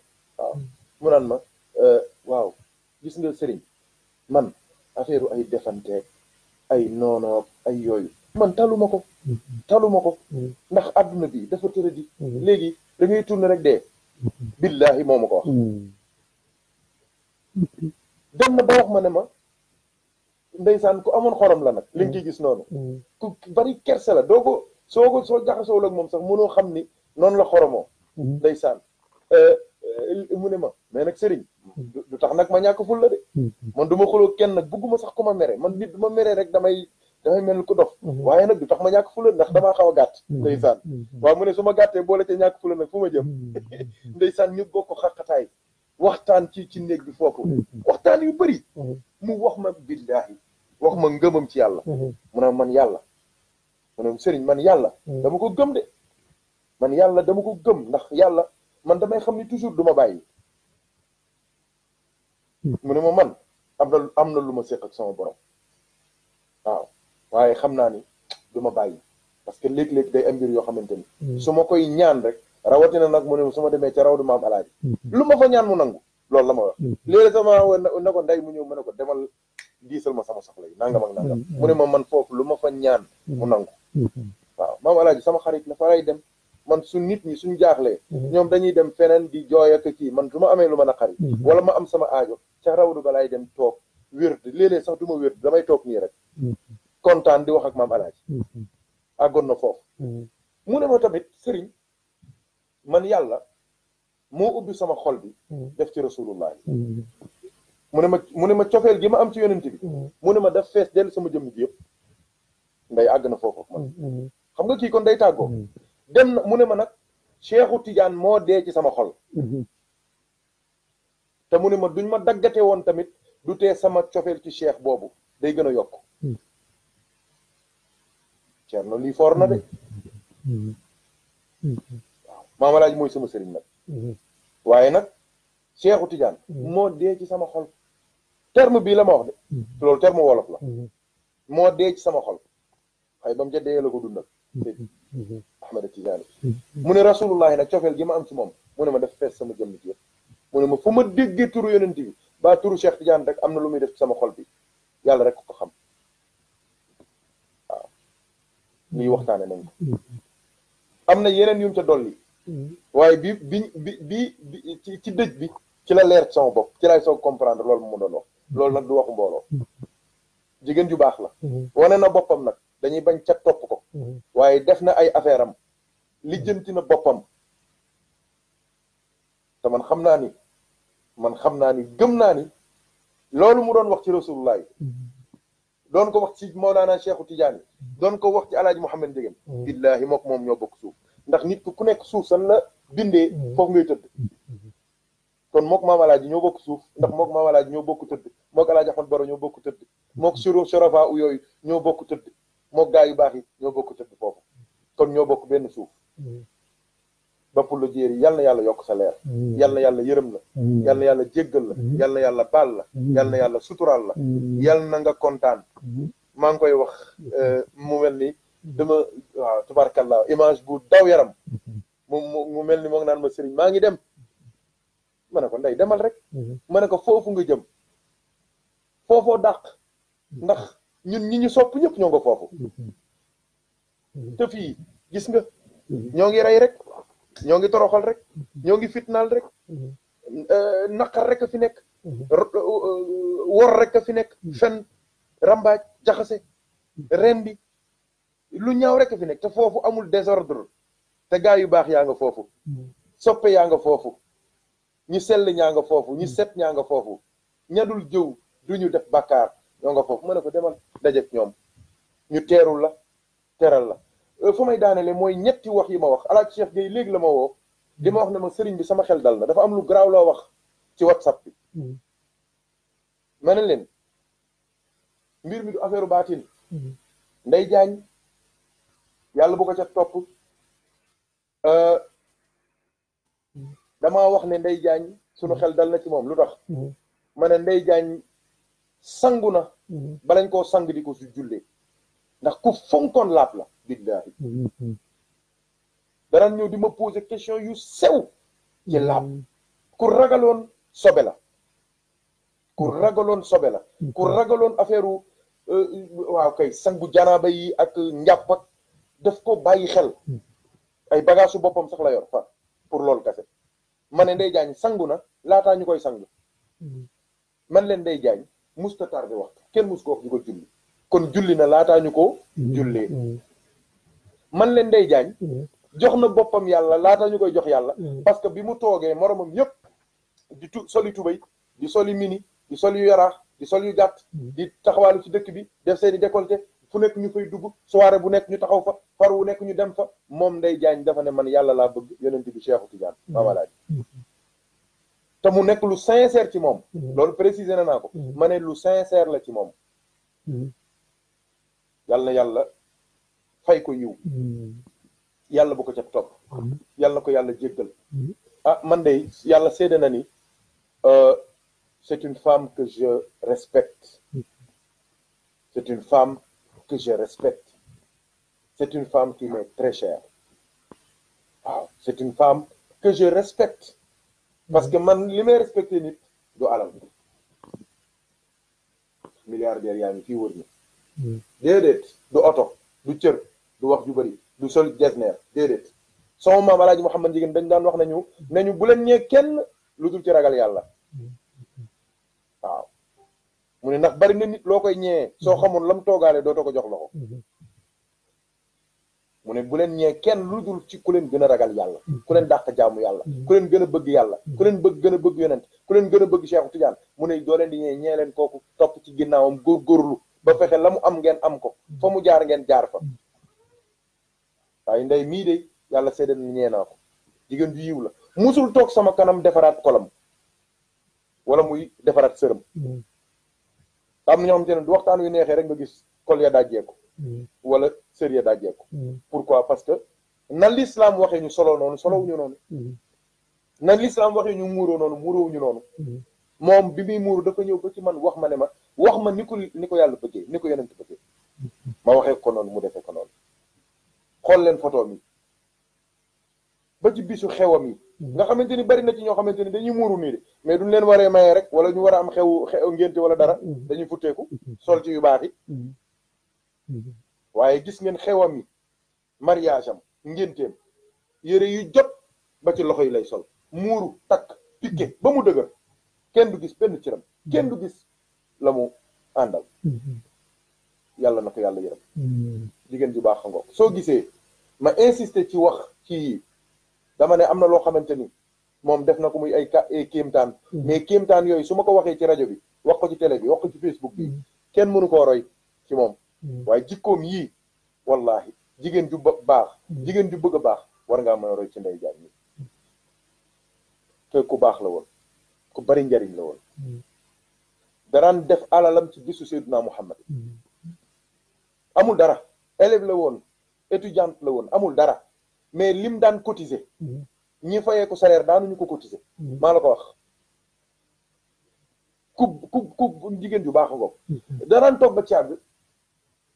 waaw mu naan ma euh, waaw gis nga sëriñ man affaire ay defanteeg ay noonoog ay yooyu man taluma ko mm-hmm. taluma ko mm-hmm. ndax àdduna bi dafa tëradi mm-hmm. léegi dangay ngay rek dee billahi moo ma ko wax dem na ba wax ma ne ma ndeysaan ku amoon xorom la nag li nga gis noonu ku bari kerse la doo ko soo ko soo jaxasoo ak moom sax mënoo xam ni noon la xoromoo ndeysaan Euh, euh, mu ne ma mais nag sëriñ du tax nag ma ñàkk ful la de man du ma xuloo kenn nag bëgguma sax ku ma mere man nit du ma meree rek damay damay mel ku dof mhm. waaye nag du tax ma ñàkk fula ndax damaa xaw a gàtt mhm. ndeysaan saan mhm. mu ne su ma gàttee boole ca ñàkk fula nag fu ma jëm ndeysaan ñu bokk xaqataay waxtaan ci ci néeg bi foofu waxtaan yu bëri mu wax ma billaahi wax ma ngëmam ci yàlla mu ne man yàlla mu ne sëriñ man yàlla dama ko gëm de man yàlla dama ko gëm ndax yàlla man damay xam ni toujours du ma bàyyi mu ne ma man am na am na lu ma séq ak sama borom waaw waaye xam naa ni du ma bàyyi parce que léeg-léeg day am yoo xamante ni mm. su ma koy ñaan rek rawatina nag mu ne su ma demee ca raw du maam alaaji mm-hmm. lu ma fa ñaan mu nangu loolu la ma wax mm-hmm. léegi sama na ko mu ñëw ma ne ko demal diisal ma sama soxla yi nangam ak nangam mm-hmm. mu ne ma man foofu lu ma fa ñaan mu nangu waaw maam alaaji sama xarit la fa dem man su nit ñi suñ jaaxlee mhm. ñoom dañuy dem feneen di jooy ak kii man du ma amee lu mën a naqari mhm. wala ma am sama aajo ca rawdu ba laay dem toog wér di léeg-léeg sax du ma wér damay toog nii rek mhm. kontaan di wax ak maam alaaji àggoon na foofu mu ne ma tamit sëriñ man yàlla moo ubbi sama xol def ci rasulullah mu ne ma mu ne ma cofeel gi ma am ci yonent bi mu ne ma def fees dell sama jëmm ji yëpp nday àgg na foofu ak man xam nga kii kon day tàggoo dem na mu ne ma nag Cheikhou Tidiane moo dee ci sama xol mhm. te mu ne ma duñ ma daggate woon tamit du tee sama cofeel ci cheikh boobu day gën a yokk Thierno mhm. lii foor na de mhm. waaw Maam Alaaji mooy sama sëriñ nag waaye nag Cheikhou Tidiane moo dee ci sama xol terme bii la ma wax de loolu terme wolof la moo dee ci sama xol waaye ba mu ca dee la ko dundal Ahmada Tijaani mm-hmm. mu ne rasulullahi nag cofeel gi ma am si moom mu ne ma def fees sama jëmm ji mu ne ma fu ma déggee turu yonent bi ba turu Cheikh Tidiane rek am na lu muy def sama xol bi yàlla rek ko xam waaw lii waxtaane nañ ko mm-hmm. am na yeneen yum ca dolli mm-hmm. waaye bi bi bi bi ci ci dëj bi ci la leer sama bopp ci laay soog comprendre loolu mu doon wax loolu nag du waxu mbooloo jigéen ju baax la wane na boppam nag dañuy bañ ca topp ko mm-hmm. waaye def na ay affaire am lijjanti na boppam te man xam naa ni man xam naa ni gëm naa ni loolu mu doon wax ci rasulullah doon ko wax moo Mawlana Cheikhu Tidiane doon ko wax ci alaaji mm-hmm. Mouhamed Ndiéguène mm-hmm. billaahi mook moom ñoo bokk suuf ndax nit ku nekk suuf san la bindee foofu ngay tëdd kon mook maam alaaji ñoo bokk suuf ndax mook maam alaaji ñoo bokk tëdd mook alaaji Axmat Baro ñoo bokk tëdd mook suro sorofa u yooyu ñoo bokk tëdd mo gaay yu bax yi ño bokku tëdd fofu kon ño bokku ben suuf mm-hmm. ba pour la jeri yal na yok sa leer mm-hmm. yal na yeureum la mm-hmm. yal na yàlla jéggal la yal na bal la yal na sutural la yal na nga contane ma ngi koy wax euh, mu melni dama waaw image bu daw yaram mu mu ngi naan ma ngi dem ma ko ndey demal rek ma ko foofu nga jëm foofoo dak ndax ñun ñi ñu sopp ñëpp ñoo nga foofu mm-hmm. te gis nga mm-hmm. ñoo ngi rey rek ñoo ngi toroxal rek mm-hmm. ñoo ngi fitnaal rek euh, naqar rek a fi nekk euh, euh, wor rek a fi nekk fen rambaaj jaxase ren bi lu ñaaw rek a fi nekk te foofu amul désordre te gaa yu baax yaa nga foofu soppe yaa nga foofu ñu sell ñaa nga foofu ñu set ñaa nga foofu ñadul jëw ñu def bàkkaar ñoo nga foofu mën ko demal dajeeg ñom ñu téru la teral la fu may daanele moy ñetti wax yi ma wax alaaj Cheikh Gueye léegi la ma woo di wax ne ma sëriñ bi sama xel dal na dafa am lu graw lo wax ci whatsapp bi ma ne leen mbir mi du affaireu baatin nday jañ yàlla bu ko ci top euh dama wax ne nday jañ sunu xel dal na ci mom lutax mané ma ne nday jaañ sangu na mhm. balañ koo sang di ko su jullee ndax ku fonkoon laab la billaahi mhm. danañ ñëw di ma question yu sew ci mhm. laab ku ragaloon sobe la ku ragaloon sobe la ku ragaloon affaire u euh, waaw kay sangu janaaba yi ak njàpp def ko bàyyi xel ay bagage su boppam sax la yor fa pour loolu kase ma ne ndey jaañ sangu na laataa ñu koy sang man leen ndey jaañ musta tardé wax kenn mus ko wax ko julli kon julli na laataa ñu ko mm-hmm. jullee mm-hmm. man leen day jaañ mm-hmm. jox na boppam yàlla laataa ñu koy jox yàlla parce que bi mu toogee moromam yépp di tu soli tubay di sol yu mini di sol yu yaraax di sol yu gàtt di taxawaalu ci dëkk bi def seeni décolleté fu nekk ñu fay dugg soirée bu nekk ñu taxaw fa far wu nekk ñu dem fa moom nday jaañ dafa ne man yàlla laa bëgg yonent bi Cheikhu Tidiane mamalaaji te mu nekk lu sincère ci moom mm-hmm. loolu préciser na naa ko mm-hmm. ma ne lu sincère la ci moom mm-hmm. yàlla na yàlla fay ko yiw yàlla bu ko ca topp yàlla na ko yàlla jéggal ah man de yàlla seede na ni euh, c'est une femme que je respecte c'est une femme que je respecte c'est une femme qui m'est très chère waaw c'est une femme que je respecte parce que man limay may respecté nit du alal milliardaire yaa ngi fii wër na hmm. déedéet du oto du cër du wax ju bëri du sol gesner déedéet sama maam alaaji Mouhamad Njigéen dañ daan wax nañu nañu bu leen ñee kenn lu dul ci ragal yàlla hmm. waaw mu ne nax bari na nit loo koy ñee soo hmm. xamul lam toogaale dootoo ko jox loxo mu ne bu leen ñee kenn lu dul ci ku leen gën a ragal yàlla ku leen dàq jaamu yàlla ku leen gën a bëgg yàlla ku leen bëgg gën a bëgg yonent ku leen gën a bëgg Cheikh Tidiane mu ne doo di ñee ñee leen kooku topp ci ginnaawam góorgóorlu ba fexe la mu am ngeen am ko fa mu jaar ngeen jaar fa waaye ndey mii de yàlla seedal ñee naa ko jigéen ju yiw la musul toog sama kanam defaraat kolam wala muy defaraat sërëm mm. am na ñoo xam te du waxtaan wi neexee rek nga gis kol ya dajjeeku Mm. wala sérieux daa jekku mm. pourquoi parce que na l'islam waxee ñu solo noonu solowuñu noonu mm. na l'islam waxee ñu muuroo noonu muuroowuñu noonu moom bi muy muuru dafa ñëw ba ci man wax ma ne ma wax ma ni ko ni ko yàlla bëggee ni ko yonent bëggee ma waxee ko noonu mu defee ko noonu xool leen photo mi ba ci bisu xewam yi nga xamante ni bari na ci ñoo xamante ni dañuy muuru nii de mais duñ leen waree mayee rek wala ñu war a am xew xew ngénte wala dara dañuy futteeku sol ci yu baax yi waaye gis ngeen xewam yi mariage am ngénteem yére yu jot ba ci loxo yi lay sol muuru takk piqué ba mu dëgër kenn du gis benn ciram kenn du gis la mu àndal yàlla na ko yàlla yërëm jigéen ju baax a soo gisee ma insister ci wax ci dama ne am na loo xamante ni moom def na ko muy ay ka ay kéemtaan mm-hmm. mais kéemtaan yooyu su ma ko waxee ci rajo bi wax ko ci télé bi wax ko ci Facebook bi mm-hmm. kenn mënu koo roy ci moom Mm. waaye jikkoom yii wallahi jigéen ju baax mm. jigéen ju bëgg baax war ngaa mën a ci ndey jaay mi ku baax la woon ku bari njariñ la woon mm. daraan def alalam ci bisu Seydina Muhammad amul dara élève la woon étudiante la woon amul dara mais lim daan cotiser ñi fayee ko salaire daanuñu ko cotiser maa la ko wax ku ku ku jigéen ju baax a daraan toog ci àgg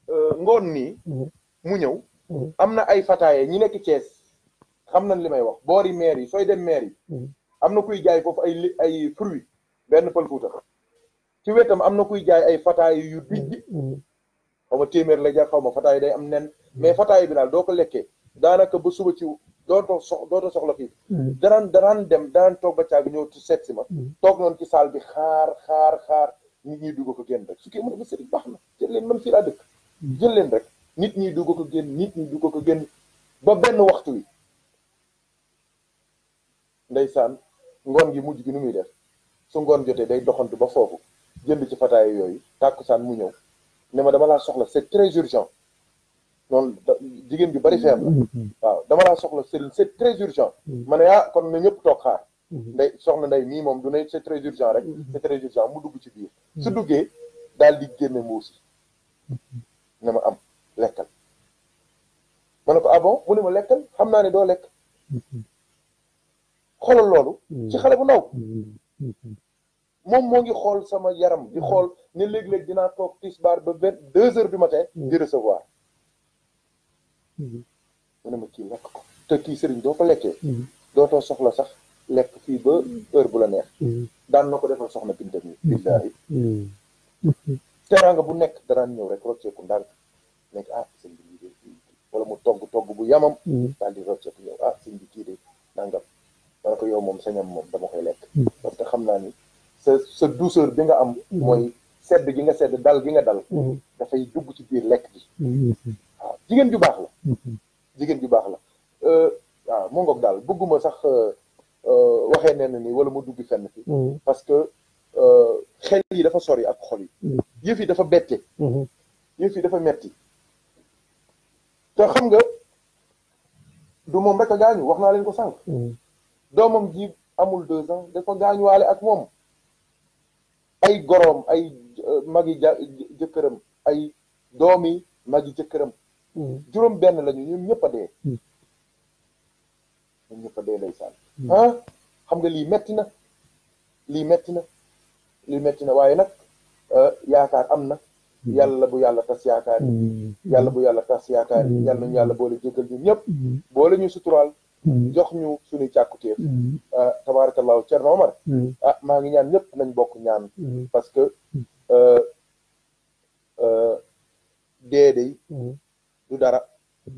Euh, ngoon nii. Mhm. mu ñëw. Mhm. am na ay fataaye ñi nekk Thiès xam nañ li may wax boori meer yi sooy dem meer yi. Mhm. am na kuy jaay foofu ay li ay fruits benn pël Fuuta ci wetam am na kuy jaay ay fataaye yu dijj. xaw ma la jar xaw ma fataaye day am nen mais fataaye bi daal doo ko lekkee daanaka ba suba ci dootoo sox dootoo soxla fii. danaan danaan dem danaan toog ba caabi ñëw tu seet si ma. toog noonu ci saal bi xaar xaar xaar nit ñi dugg ko génn rek su kii mu ne ma sëriñ baax na te leen man fii laa dëkk. jël leen rek nit ñi dugg ko génn nit ñi dugg ko génn ba benn waxtu wi saan ngoon gi mujj gi nu muy def su ngoon jotee day doxantu ba foofu jënd ci fataay yooyu tàkku saan mu ñëw ne ma dama laa soxla c'est très urgent noonu jigéen bi bari feem la waaw dama laa soxla sëriñ c'est très urgent ma ne ah kon na ñëpp toog xaar nday soxna nday mii moom du ne c'est très urgent rek c'est très urgent mu dugg ci biir su duggee daal di génne mbuus na ma am lekkal ma ne ko ah mu ne ma lekkal xam naa ne doo lekk xoolal loolu ci xale bu ndaw moom moo ngi xool sama yaram di xool ni léeg-léeg dinaa toog baar ba vingt deux heures ma matin di recevoir mu ne ma kii lekk ko te kii sëriñ doo ko lekkee dootoo soxla sax lekk fii ba heure bu la neex daan na ko defal soxna pintam yi billaahi teraanga bu nekk daraan ñëw rek rocceeku ndànk nekk ah sëñ bi wala mu togg togg bu yamam mm-hmm. daal di rocceeku ñëw ah sëñ bi kii de nangam ma ne ko yow moom sañam moom dama koy lekk mm-hmm. parce que xam naa ni sa sa douceur bi nga am mm-hmm. mooy sedd gi nga sedd dal gi nga dal dafay dugg ci biir lekk gi waaw jigéen ju baax la jigéen ju baax la euh, waaw mu ngoog daal bëgguma sax euh, euh, waxee nee na nii wala mu dugg fenn fi parce xel yi dafa sori ak xol yi yëf yi dafa bette yëf yi dafa metti te xam nga du moom rek a gaañu wax naa leen ko sànq doomam ji amul deux ans dafa gaañuwaale ak moom ay goroom ay magi jëkkëram ay doomi magi jëkkëram juróom benn lañu ñun ñëpp a dee ñun ñëpp a dee ndeysaan ah xam nga lii metti na lii metti na li metti na waaye nag euh, yaakaar am na mm-hmm. yàlla bu yàlla tas yaakaar yi mm-hmm. yàlla bu yàlla tas yaakaar yi mm-hmm. yàlla nañu yàlla boole jéggal ñun ñëpp boole ñu suturaal jox ñu suñuy càkkutéef euh, tabaarakallaahu Cerno Omar ah maa ngi ñaan ñëpp nañ bokk ñaan parce que euh, dee day du dara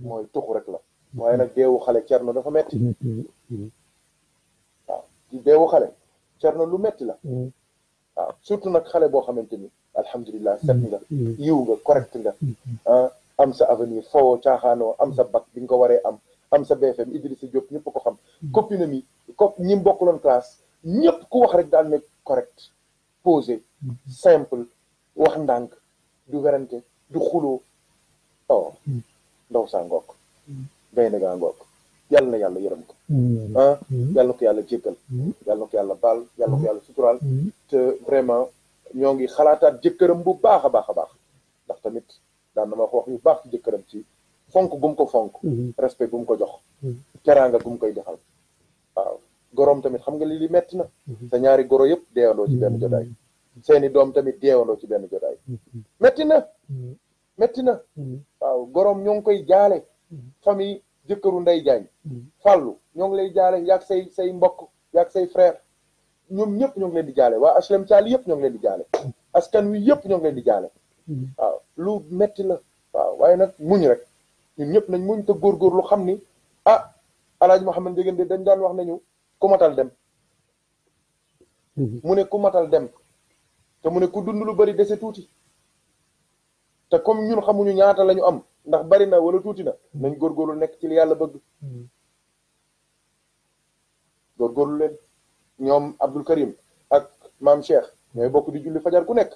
mooy tuxu rek la waaye nag deewu xale Cerno dafa metti waaw deewu xale Cerno lu metti la waaw surtout nag xale boo xamante ni alhamdulilah set nga mm-hmm. Mm-hmm. yiw nga correct nga mm-hmm. ah, am sa avenir foo caaxaanoo am sa bac bi nga ko waree am am sa BFM Idrissa Diop ñëpp ko xam copine mi ko ñi bokkaloon classe ñëpp ku wax rek daal ne correct posé simple wax ndànk du werante du xuloo oh ndaw saa ngook gaynde gaa ngook yàlla na yàlla yërëm ko mm-hmm. ah mm-hmm. yàlla na ko yàlla jéggal mm-hmm. yàlla na ko yàlla baal yàlla ko yàlla suturaal te vraiment ñoo ngi xalaataat jëkkëram bu baax a baax a baax ndax tamit daan na ma wax yu baax ci jëkkëram ci fonk gum ko fonk respect bu ko jox teraanga bu koy defal waaw goroom tamit xam nga li li metti na sa ñaari goro yëpp deewandoo ci benn jotaay seeni doom tamit deewandoo ci benn jotaay metti na metti na waaw goroom ñoo ngi koy jaale famille jëkkëru Ndeye Diagne. Mm. fàllu ñoo ngi lay jaale yàgg say say mbokk yàgg say frère ñoom ñëpp ñoo ngi leen di jaale waa HLM Thiali yëpp ñoo ngi leen di jaale mm. askan wi yëpp ñoo ngi di jaale. Mm. lu metti la waaw waaye nag muñ rek ñun ñëpp nañ muñ te góorgóorlu xam ni ah alaaj Mouhamed Ndiéguène de dañ daan wax nañu ku matal dem. Mm-hmm. mu ne ku matal dem te mu ne ku dund lu bari dese tuuti te comme ñun xamuñu ñaata lañu am. ndax bari na wala tuuti na nañ góorgóorlu nekk ci li yàlla bëgg hmm. góorgóorlu leen ñoom Abdul Karim ak maam Cheikh ñooy bokk di julli fajar ku nekk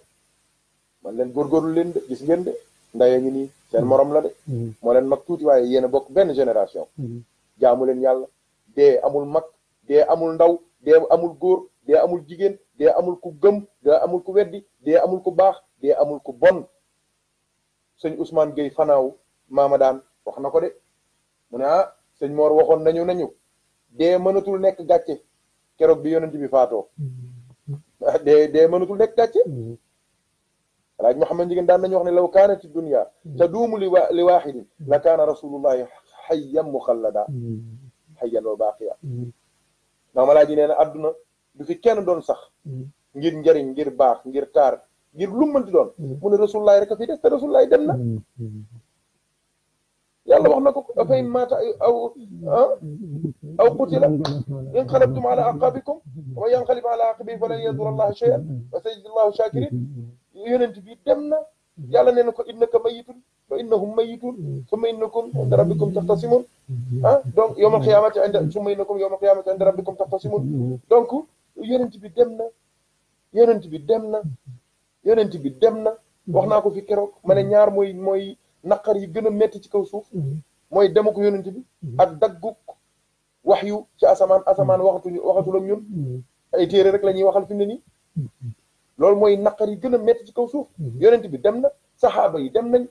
man leen góorgóorlu leen de gis ngeen de ndaye ngi nii seen hmm. morom la de hmm. moo leen mag tuuti waaye yéen a bokk benn génération jaamu leen yàlla dee amul mag dee amul ndaw dee amul góor dee amul jigéen dee amul ku gëm dee amul ku weddi dee amul ku baax dee amul ku bon sëñ Ousmane Gueye Fanaaw maama daan wax na ko de mu ne ah sëñ Mor waxoon nañu nañu dee mënatul nekk gàcce keroog bi yonent bi faatoo mm-hmm. dee dee mënatul nekk gàcce mm-hmm. alaaj Muhammad Njigéen daan nañu wax ne law kaanati dunya taduumu mm-hmm. li wa li waaxidin la kaana rasulullahi xayyan muxallada xayyan wa baaqiya maama laa ji nee àdduna du fi kenn doon sax ngir njariñ ngir baax ngir kaar ngir lu mënti doon mu ne rasulullahi rek a fi des te rasulullahi dem na يلا مهلكوا فين مات أو أه؟ أو قتل انقلبتم على أعقابكم ومن ينقلب على عقبه فلن يضر الله شيئا وسيجزي الله شاكرين يونت في الدمنا يلا ننكو إنك ميت فإنهم ميتون ثم إنكم عند ربكم تختصمون ها أه؟ دونك يوم القيامة عند ثم إنكم يوم القيامة عند ربكم تختصمون دونك يونت في الدمنا يونت في الدمنا يونت في الدمنا wax في ko fi نيار موي موي naqar yi gën a metti ci kaw suuf mm-hmm. mooy dema ko yonent bi mm-hmm. ak dagguk wax yu ci asamaan asamaan mm-hmm. waxatuñu waxatul ak ñun ay téere rek la ñuy waxal fi mu loolu mooy naqar yi gën a metti ci kaw suuf yonent bi dem na saxaaba yi dem nañ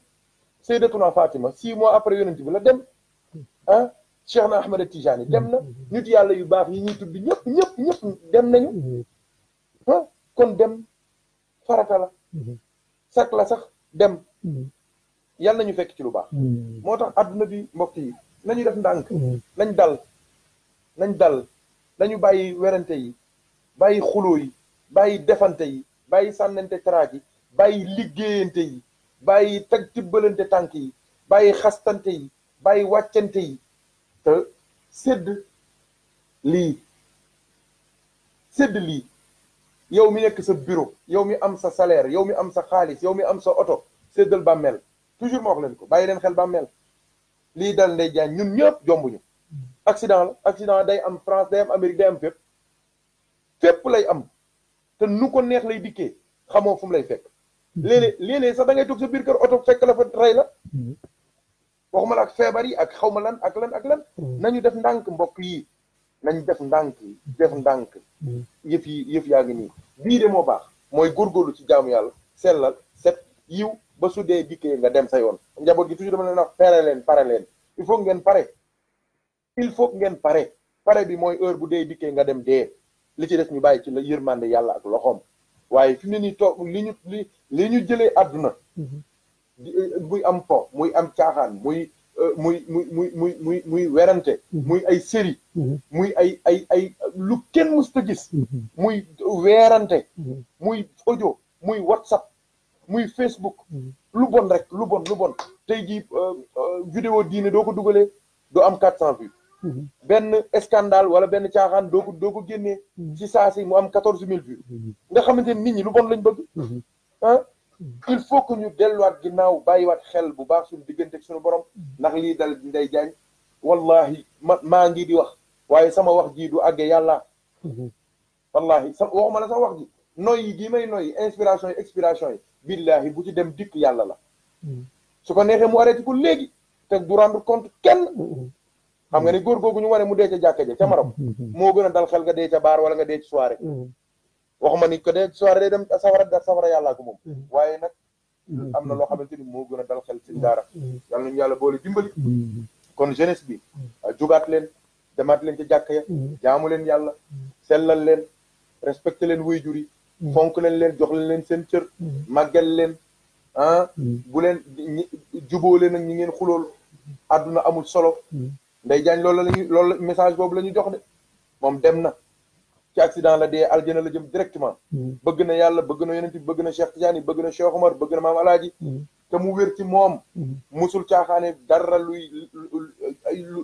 sayyidatuna Fatima six mois après yonent bi la dem ah Cheikh na Ahmed Tijaani dem na nit yàlla yu baax yi ñuy tudd ñëpp ñëpp ñëpp dem nañu ah kon dem farata la la sax dem yal nañu fekk ci lu baax moo tax adduna bi mbokk yi nañu def ndànk nañ dal nañ dal nañu bàyyi werante yi bàyyi xuloo yi bàyyi defante yi bàyyi sànnante taraak yi bàyyi liggéeyante yi bàyyi tag tibbalante tànk yi bàyyi xastante yi bàyyi wàccante yi te sédd lii sédd lii yow mi nekk sa bureau yow mi am sa salaire yow mi am sa xaalis yow mi am sa oto séddal bàmmeel toujours ma Les ko xel accident la accident day am France day Amérique day am les am te nous neex lay xamoo fu lay fekk mhm. da ngay qui, la fa la mhm. waxuma la ak faire ak xawma lan ak lan ak lan mhm. nañu def mbok yi def def qui, yef yi ci ba su dee dikkee nga dem sa yoon njaboot gi toujours dama leen wax pare leen pare leen il faut ngeen pare il faut ngeen pare pare bi mooy heure bu dee dikkee nga dem dee li ci des ñu bàyyi ci la yërmande yàlla ak loxoom waaye fi ne nii toog li ñu li li ñu jëlee àdduna mhm. muy am po muy am caaxaan muy euh, muy muy muy muy muy muy werante mhm. muy ay série mhm. muy ay ay ay lu kenn mës ta gis muy weerante muy audio muy whatsapp muy Facebook lu bon rek lu bon lu bon tey jii euh, euh, vidéo diine doko dougalé do am 400 vues Ben scandale wala ben tiaxan doko doko doo mhm. ci saasi mu am 14000 vues mhm. nga xamante nit ñi lu bon lañ bëgg ah il faut que ñu delluwaat ginnaaw bàyyiwaat xel bu baax suñu diggante ak suñu borom ndax li dal Ndeye Diagne wallahi ma maa ngi di wax waye sama wax ji du àggee yalla wallahi sa waxuma la sa wax ji yi gi may noyyi inspiration yi expiration yi billahi bu ci dem dikk yàlla la su ko neexee mu arrêté ko léegi te du rend compte kenn xam nga ni góor googu ñu wane mu dee ca jàkka ja ca Maroc moo gën a dal xel nga dee ca baar wala nga dee ci soirée waxuma ni ko dee ci soirée day dem safara da safara yàllaa ko moom waaye nag am na loo xamante ni moo gën a dal xel ci daara yàlla nañu yàlla boole dimbali kon jeunesse bi jugaat leen demaat leen ca jàkka ya jaamu leen yàlla sellal leen respecté leen waajur yi Mm. fonk leen leen jox leen leen seen cër mm. màggal leen ah mm. bu leen jubo leen ak ñi ngeen xulool àdduna amul solo nday jaañ loolu lañu loolu message boobu la ñu jox de moom dem na ci accident la dee aljana la jëm directement bëgg na yàlla bëgg na yonent bi bëgg na Cheikh Tidiane bëgg na Cheikh Omar bëgg na maam alaaji te mu wér ci moom mosul mm-hmm. caaxaane dara luy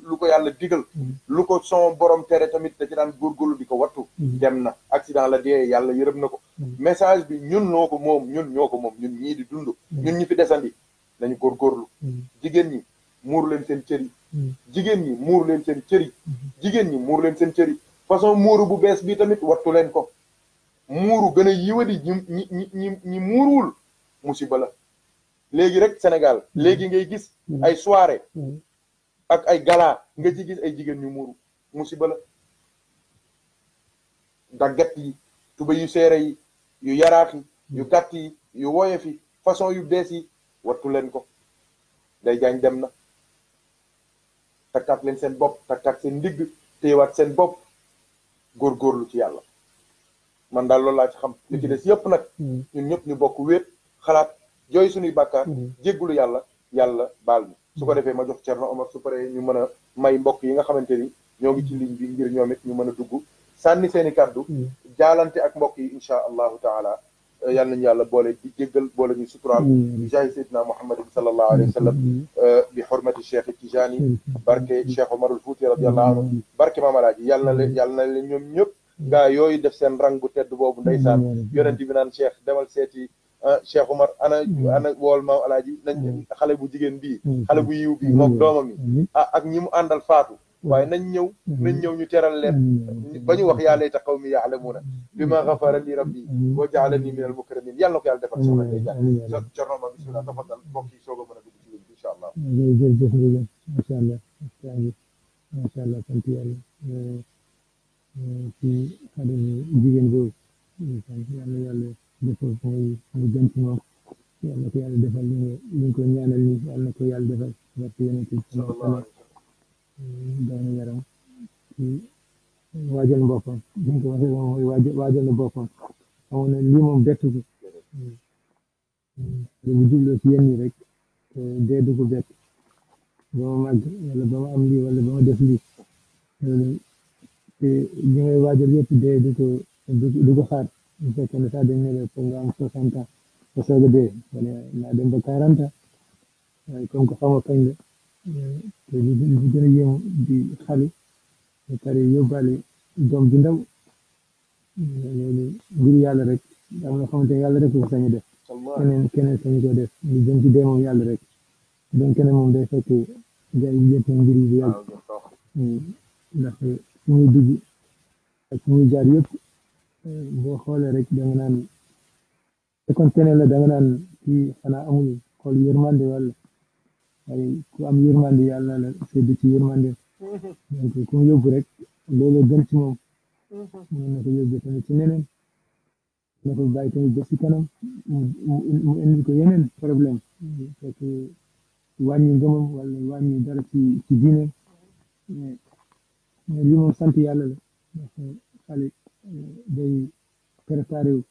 lu ko yàlla digal mm-hmm. lu ko son borom tere tamit da ci daan góorgóorlu di ko wattu mm-hmm. dem na accident la dee yàlla yërëm na ko message bi ñun noo ko moom ñun ñoo ko moom ñun ñii di dund ñun ñi fi desandi nañu góorgóorlu jigéen ñi muur leen seen cëri jigéen ñi muur leen seen cëri jigéen ñi muur leen seen cëri façon muuru bu bees bi tamit wattu leen ko muuru gën a yiwadi ñi ñi ñi ñi muuruwul musiba la léegi rek Sénégal mm-hmm. léegi ngay gis mm-hmm. ay soirée mm-hmm. ak ay gala nga ci gis ay jigéen ñu muuru musiba la daggat yi tuba yu seere yi yu yaraax yi yu gàtt yi yu woyof yi façon yu bees yi wattu leen ko day jaañ dem na takkaat leen seen bopp takkaat seen ndigg téyewaat seen bopp góorgóorlu ci yàlla man daal loolu laa ci xam li ci des yëpp nag ñun ñëpp ñu bokk wéet xalaat jooy suñuy bàkkaar mm-hmm. jéggulu yàlla yàlla baal mi su ko mm-hmm. defee ma jox Thierno Omar su paree ñu mën a may mbokk yi nga xamante ni ñoo ngi ci mm-hmm. ligne bi ngir ñoom it ñu mën a dugg sànni seen i kàddu jaalante ak mbokk yi incha allahu taala euh, yàlla nañu yàlla boole di jéggal boole ñu suturaal bi jaahi seydina muhammadin sallallahu alayhi wa sallam euh, bi xormati cheikh tijani barke cheikh omarul fouti radiallahu anhu barke mamalaaji yàlla na leen yàlla na leen ñoom ñëpp ngaa yooyu def seen rang tedd boobu ndeysaan yonente bi naan cheikh demal seeti ah Cheikh Omar ana hmm. ana wool maam alaaji nañ hmm. xale bu jigéen bi hmm. xale bu yiw bii moom doomam ah, ak ñi mu àndal faatu waaye nañ ñëw nañ ñëw ñu teral leen ba ñu wax yaa layta qawmi yaalamuuna bi ma xafara li rabbi wa jaalani min al mukramin yàlla na ko yàlla defal soxna day boo Thierno Omar bisimilah tafadal mbokk yi soog a mën a dugg ci wér incha allah jërëjëf jërëjëf macha allah macha allah sant yàlla eh, eh, ci jigéen boobu defal ko lu gën moom yal na ko yàlla defal li ñu ko ñaanal ni yal ko yàlla defal barke yonent bi sallallahu alayhi wa sallam daw na yaram ci waajal boppam ñu ko waxee moom waajal na boppam amoon lii moom bett ko bu jubloo ci bett ba ma màgg wala am lii wala ba def lii te ñi ngay waajal yëpp dee du xaar in sa din ne kun ga so santa ko na din bakaranta kun ko fama kan to ni ni gina yin di khali ne tare yo bale dom ju rek am na xamante yàlla rek ko def keneen keneen sañu ko rek donc keneen moom day fekk gars yi yëpp ngir yi yàgg ndax su muy boo xoolee rek da nga naan fekkoonte ne la da naan kii xanaa amul xol yërmande wala ay ku am yërmande yàlla la sedd ci yërmande donc ku mu yóbbu rek loolu ci moom mën mm-hmm. na ko yóbbu tamit ko bàyyi tamit ba si kanam mu indi ko yeneen problème fekk wàññi ngëmam wala wàññi dara ci ci diine mais li moom sant yàlla la day préparé wu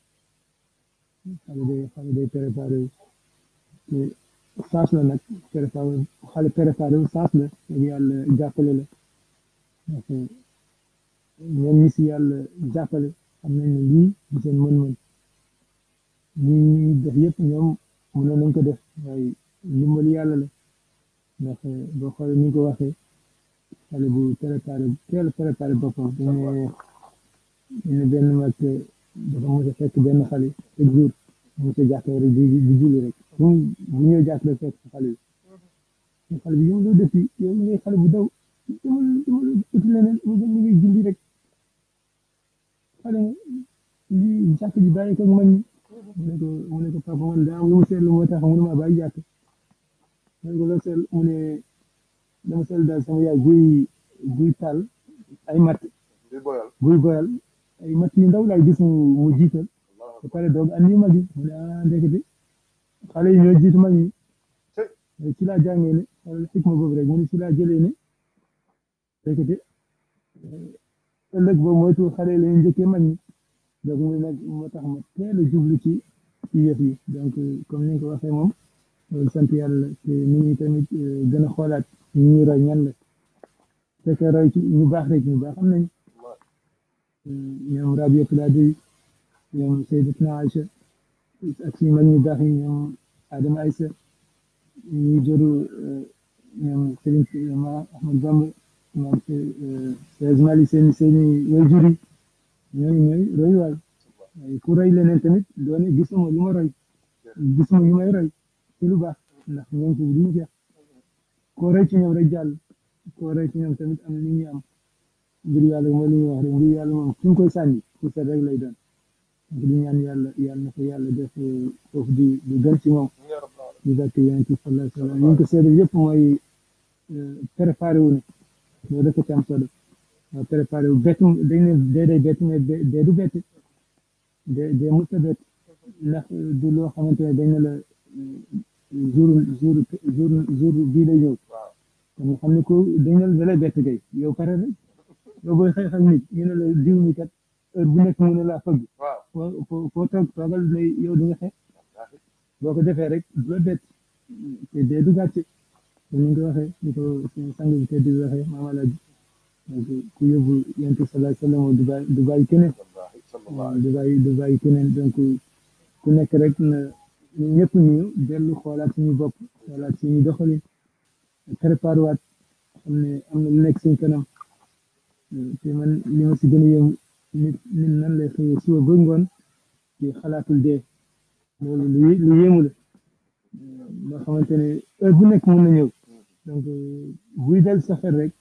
xale day xale day préparé wu te saas la nag préparé xale préparé wu saas la ak yàlla jàppale la parce que ñoom ñi si yàlla jàppale xam nañ ne lii du seen mën-mën lii ñuy def yëpp ñoom mënoon nañ ko def waaye ndimbal yàlla la ndax eh, boo xoolee ni ñu ko waxee xale bu préparé teel préparé boppam dañu ñu benn mag euh, dafa mos a fekk benn xale chaque jour mu ci jàkka rek di di julli rek moom bu ñëw jàkk la fekk xale bi xale bi yow loo def yow ngay xale bu daw dama dama uti leneen mu gën ngay julli rek xale li jàkk ji bàyyi ko man mu ne ko mu ne ko papa man daa am lu mu seetlu moo tax mu ne ma bàyyi jàkk mu ne ko loo seetlu mu ne dama seetlu daal sama yaay guy guy taal ay matt guy boyal ay mat yu ndaw laay gis mu mu jiital ba pare doog andi mag yi mu ne ah ndekete xale yi ñoo jiitu mag yi ci laa jàngee ne wala xikma boobu rek mu ne ci laa jëlee ne ndekete eh, ëllëg boobu moytu xale yi la ñu njëkkee mag ñi mu nag moo tax ma teel a jublu ci ci yëf yi donc comme ni nga ko waxee moom sant yàlla te nit ñi tamit eh, gën a xoolaat ñu ñuy roy la fekk ci ñu baax rek ñu baax am nañu. يوم رابية كلادي يوم سيدتنا عائشة أكسيم المداخين يوم آدم عيسى يجر يوم سيدنا يوم أحمد ضمر يوم سيزمالي سيني سيني ويجري يوم يوم روي واي كوري لنا انتمت دوني جسم ويوم روي جسم ويوم روي كيلو با نحن يوم تبدين كوري يوم رجال كوري يوم تمت أمنين يوم mbir yàlla mooy li ñuy wax rek mbir yàlla moom fi mu koy sànni fu set rek lay doon di ñaan yàlla yàlla na ko yàlla def foofu di di gën ci moom di bakk yonent bi sallallahu alayhi wa sallam ñu ngi ko seede yëpp mooy euh, préparé wu ne loolu dafa ci am solo préparé wu bett dañ ne dee day bett mais dee du bett dee dee mës a bett ndax euh, du loo xamante ne dañ ne la euh, jour jour jour jour bii lay ñëw kon nga xam ne ko dañ ne la dalay bett kay yow pare rek yow booy xeex ak nit ñu ne la diw mi kat heure bu nekk mën boo ko defee rek du la du gàcce comme ni nga waxee ni ko suñu sang bi tedd bi waxee maama laaj donc ku yóbbu yonent bi sallallahu alayhi wa sallam du bàyyi du bàyyi keneen du bàyyi du bàyyi keneen ku nekk rek na ñëpp ñu dellu xoolaat suñu bopp xoolaat suñu doxalin préparewaat xam ne am na lu nekk suñu kanam. te man li ma si gën a yëm nit nit nan lay xëyee suba ba ngoon di dee lu lu yéemu la nga xamante ne heure nekk mën na ñëw donc buy dal sa rek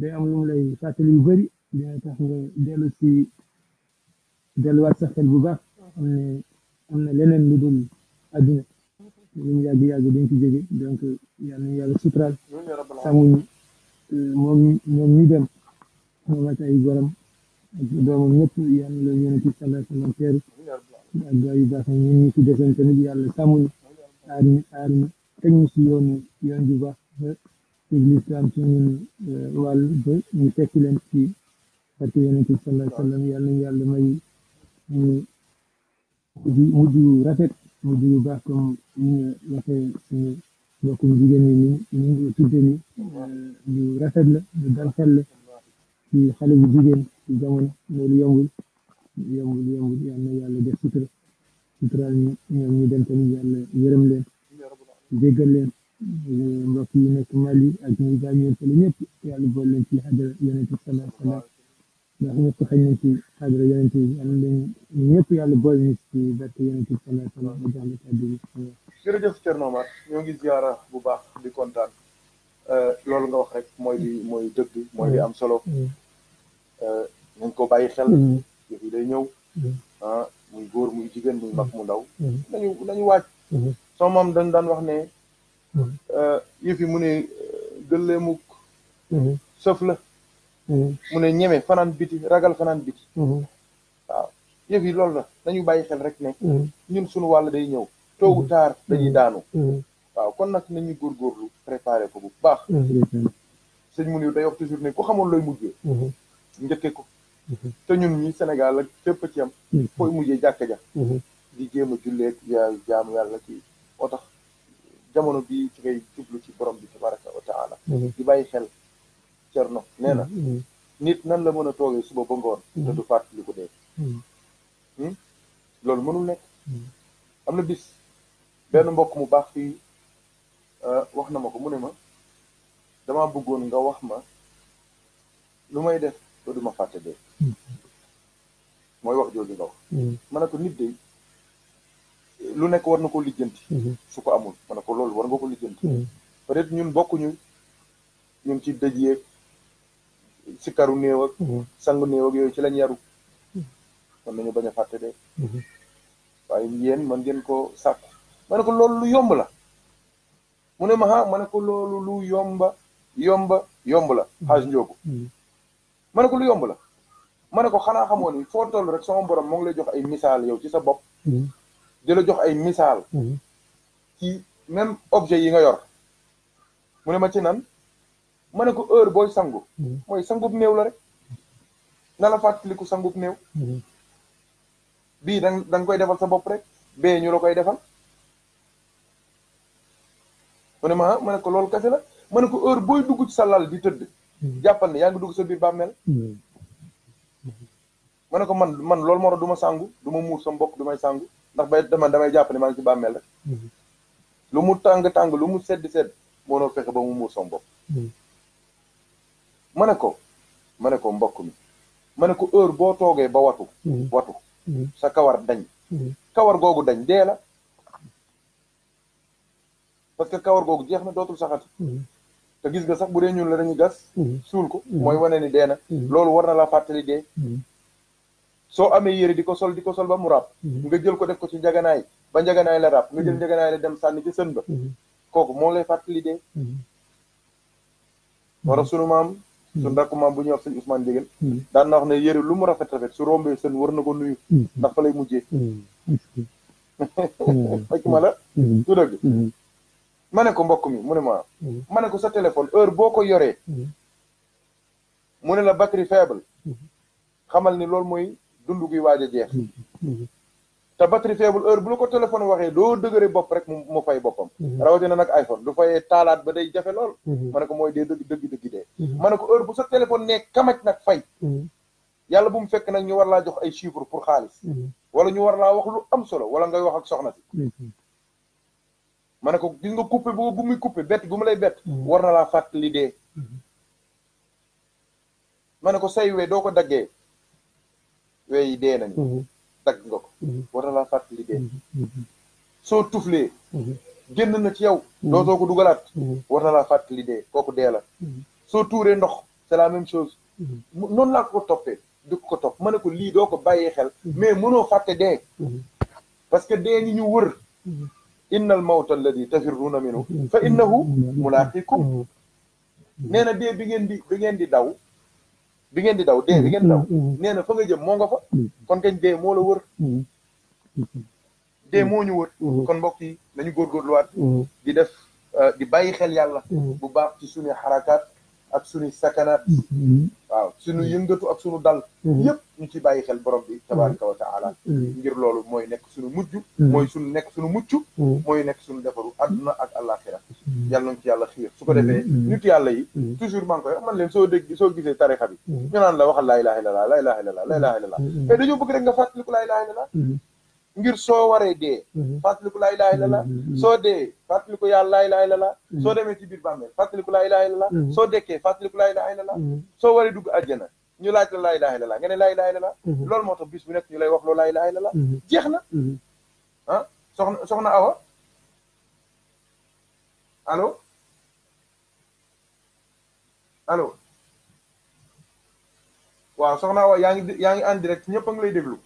day am lu mu lay fàttali yu bëri dina tax si delluwaat sa bu baax am na leneen lu dul àdduna lu mu yàgg yàgg dañ ci jóge donc yàlla suturaal sàmmuñu moom moom ñu am ak ay goram ak doomam ñëpp yàlla la yonent bi wa sallam teeru ak gaay yu baax ñun ñi ci desoon tamit yàlla sàmmul aar ñu aar ñu si yoonu yoon bu baax ba lislaam ci ñun euh, wàll ba ñu tekk leen ci barke yonent bi sallallahu alayhi wa yàlla ñu may ñu mujj yu rafet mujj yu baax comme ñu waxee suñu mbokkum jigéen ñi ñu euh, rafet la lu dal la ci xale bu jigéen ci jamono loolu yombul yombul yombul yal na yàlla def sutura sutural ñu ñoom ñu dem tamit yàlla yërëm leen jéggal leen euh, mbokk yi nekk Mali ak ñuy gaañu fële ñëpp yàlla boole leen ci xadara yonent bi salaam salaam ndax ñëpp xëy nañ ci xadara yonent bi am nañ ñëpp yàlla boole ñu ci barke yonent bi salaam salaam ba jox la kàddu bi jërëjëf Thierno Omar ñoo ngi ziara bu baax di kontaan Euh, loolu nga wax rek mooy li mooy dëgg mooy li am solo mm. Mm. Euh, nañ ko bàyyi xel mm. yëf day ñëw ah, muy góor muy jigéen muy mag mu ndaw nañu nañu waaj sama maam dañ daan wax ne euh, yëf yi mu ne gëlleemuk sëf la mu ne ñeme fanaan biti ragal fanaan biti waaw yëf yi loolu la dañu bàyyi xel rek ne ñun suñu wàll day ñëw toogu taar dañuy daanu waaw kon nag nañu góorgóorlu préparé ko bu baax. Mm-hmm. sëñ Mounir day wax toujours ne ku xamoon looy mujjee. Mm-hmm. njëkkee ko. Mm-hmm. te ñun ñi Sénégal ak fépp a ci am. fooy mujjee jàkka ja. di jéem a julleeg yaa jaamu yàlla ci moo tax jamono bii ci ngay jublu ci borom bi tabaraka wa taala di bàyyi xel cerno nee na. nit nan la mën a toogee suba ba ngoon. te du fàttali ko dee. Hmm? loolu mënul nekk. am na bis benn mbokk mu baax fii. Euh, wax na ma ko mu ne ma dama bëggoon nga wax ma lu may def ba duma fàtte dee hmm. mooy wax jooju nga wax hmm. ma ne ko nit de lu nekk war na ko lijjanti hmm. su ko amul ma ne ko loolu war nga ko lijjanti peut-être ñun bokkuñu ñun ci dëj yeeg si karu néew ak sangu néew yooyu ci lañ yaru mën nañu bañ a fàtte dee waaye yéen man ngeen ko sàkku ma ne ko loolu lu yomb la mu ne ma ah ma ne ko loolu lu yomba yomba yomb la xaaj mm-hmm. njoobu mm-hmm. ma ne ko lu yomb la ma ne ko xanaa xamoo ni foo toll rek sama borom moo ngi lay jox ay misaal yow ci sa bopp mm-hmm. di la jox ay misaal ci même objet yi nga yor mu ne ma ci nan ma ne ko heure booy sangu sangu bu néew la rek na la fàttaliku sangub néew bii da da koy defal sa bopp rek bee ñu la koy defal mu ma ah ma ne ko loolu kese la ma ne ko heure booy dugg ci sa lal di tëdd. Hmm. jàppal ne yaa ngi dugg sa biir bàmmeel. Hmm. ma ko man man loolu ma tax du ma sàngu du ma muur sa mbokk du may sàngu ndax ba dama damay jàpp ne maa ngi ci bàmmeel rek. Hmm. lu mu tàng tàng lu mu sedd sedd mënoo fexe ba mu muur sa mbokk. ma ne ko ma ne ko mbokk mi ma ne ko heure boo toogee ba watu. watu sa kawar dañ. kawar googu dañ dee la. parce que kawar googu jeex na dootul saxati mm-hmm. te gis nga sax bu dee ñun la dañuy gas mm-hmm. suul ko mm-hmm. mooy wane ni dee na loolu war na laa fàttali dee soo amee yére di ko sol di ko sol ba mu ràpp nga jël ko def ko ci njaganaay ba njaganaay la ràpp nga jël njaganaay la dem sànni ci sën ba kooku moo lay fàttali dee war a sunu maam su ndakku maam bu ñuy wax sëñ Ousmane Ndiéguène daan na wax ne yére lu mu rafet rafet su rombee sën war na ko nuyu ndax fa lay mujjee fekk mané ko mbokk mi muné ma mané ko sa téléphone heure boko yoré muné la batterie faible xamal ni loolu moy dundu guy waaj jeex ta batterie faible heure bu la ko téléphone waxé do deugéré bop rek mo fay bopam rawati na nak iPhone du fayé talat ba day jafe lool mané ko moy dé deug deug deug dé mané ko heure bu sa téléphone ne kamaj nak fay yàlla bu mu fekk nak ñu war la jox ay chiffre pour xaalis wala ñu war la wax lu am solo wala nga wax ak soxna ci ma ne ko gis nga coupé boo bu muy coupé bett bu mu lay bett. Mm-hmm. war na laa fàttali dee. Mm-hmm. ma ne ko say we doo ko daggee we yi dee nañu. Mm-hmm. dagg nga ko. war na laa fàttali dee. soo tuflee. génn na ci yow. soo ko dugalaat. war na laa fàttali dee kooku dee la. soo tuuree ndox c'est la même chose. noonu laa ko toppee du ko topp ma ne ko lii doo ko bàyyee xel. mais mënoo fàtte dee. parce que dee ñi ñu wër. innal mawta alladi tafirruuna minhu fa innahu mulaaqikum nee na dee bi ngeen di bi ngeen di daw bi ngeen di daw de bi ngeen di daw nee na fa nga jëm moo nga fa kon kañ dee moo la wër dee moo ñu wër kon mbokk yi nañu góorgóorluwaat di def di bàyyi xel yàlla bu baax ci suñu xarakaat ak suñu sakana waaw suñu yëngatu ak suñu dal yëpp ñu ci bàyyi xel borom bi tabaraka wa taala ngir loolu mooy nekk suñu mujj mooy suñu nekk suñu mucc mooy nekk suñu defaru àdduna ak àllaaxira yàlla nañ ci yàlla xiir su ko defee nit yàlla yi toujours maa ngi koy wax man leen soo dégg soo gisee tarixa bi ñu naan la waxal laa ilaha illallah laa ilaha illallah laa ilaha illallah mais dañoo bëgg rek nga fàttaliku laa ilaha illallah ngir soo waree dee mhm. fàttaliku laa ilaaha illa la mhm. soo dee fàttaliku yàlla laa ilaaha illa la mhm. soo demee ci biir bàmmeel fàttaliku laa ilaaha illa la soo dekkee fàttaliku laa ilaaha illa la soo waree dugg àjjana ñu laaj la laa ilaaha laa ilaaha illa loolu moo tax bis bu nekk ñu lay wax loolu laa ilaaha illa jeex na ah soxna soxna Awa allo allo waaw soxna Awa yaa ngi yaa ngi en direct ñëpp a ngi lay déglu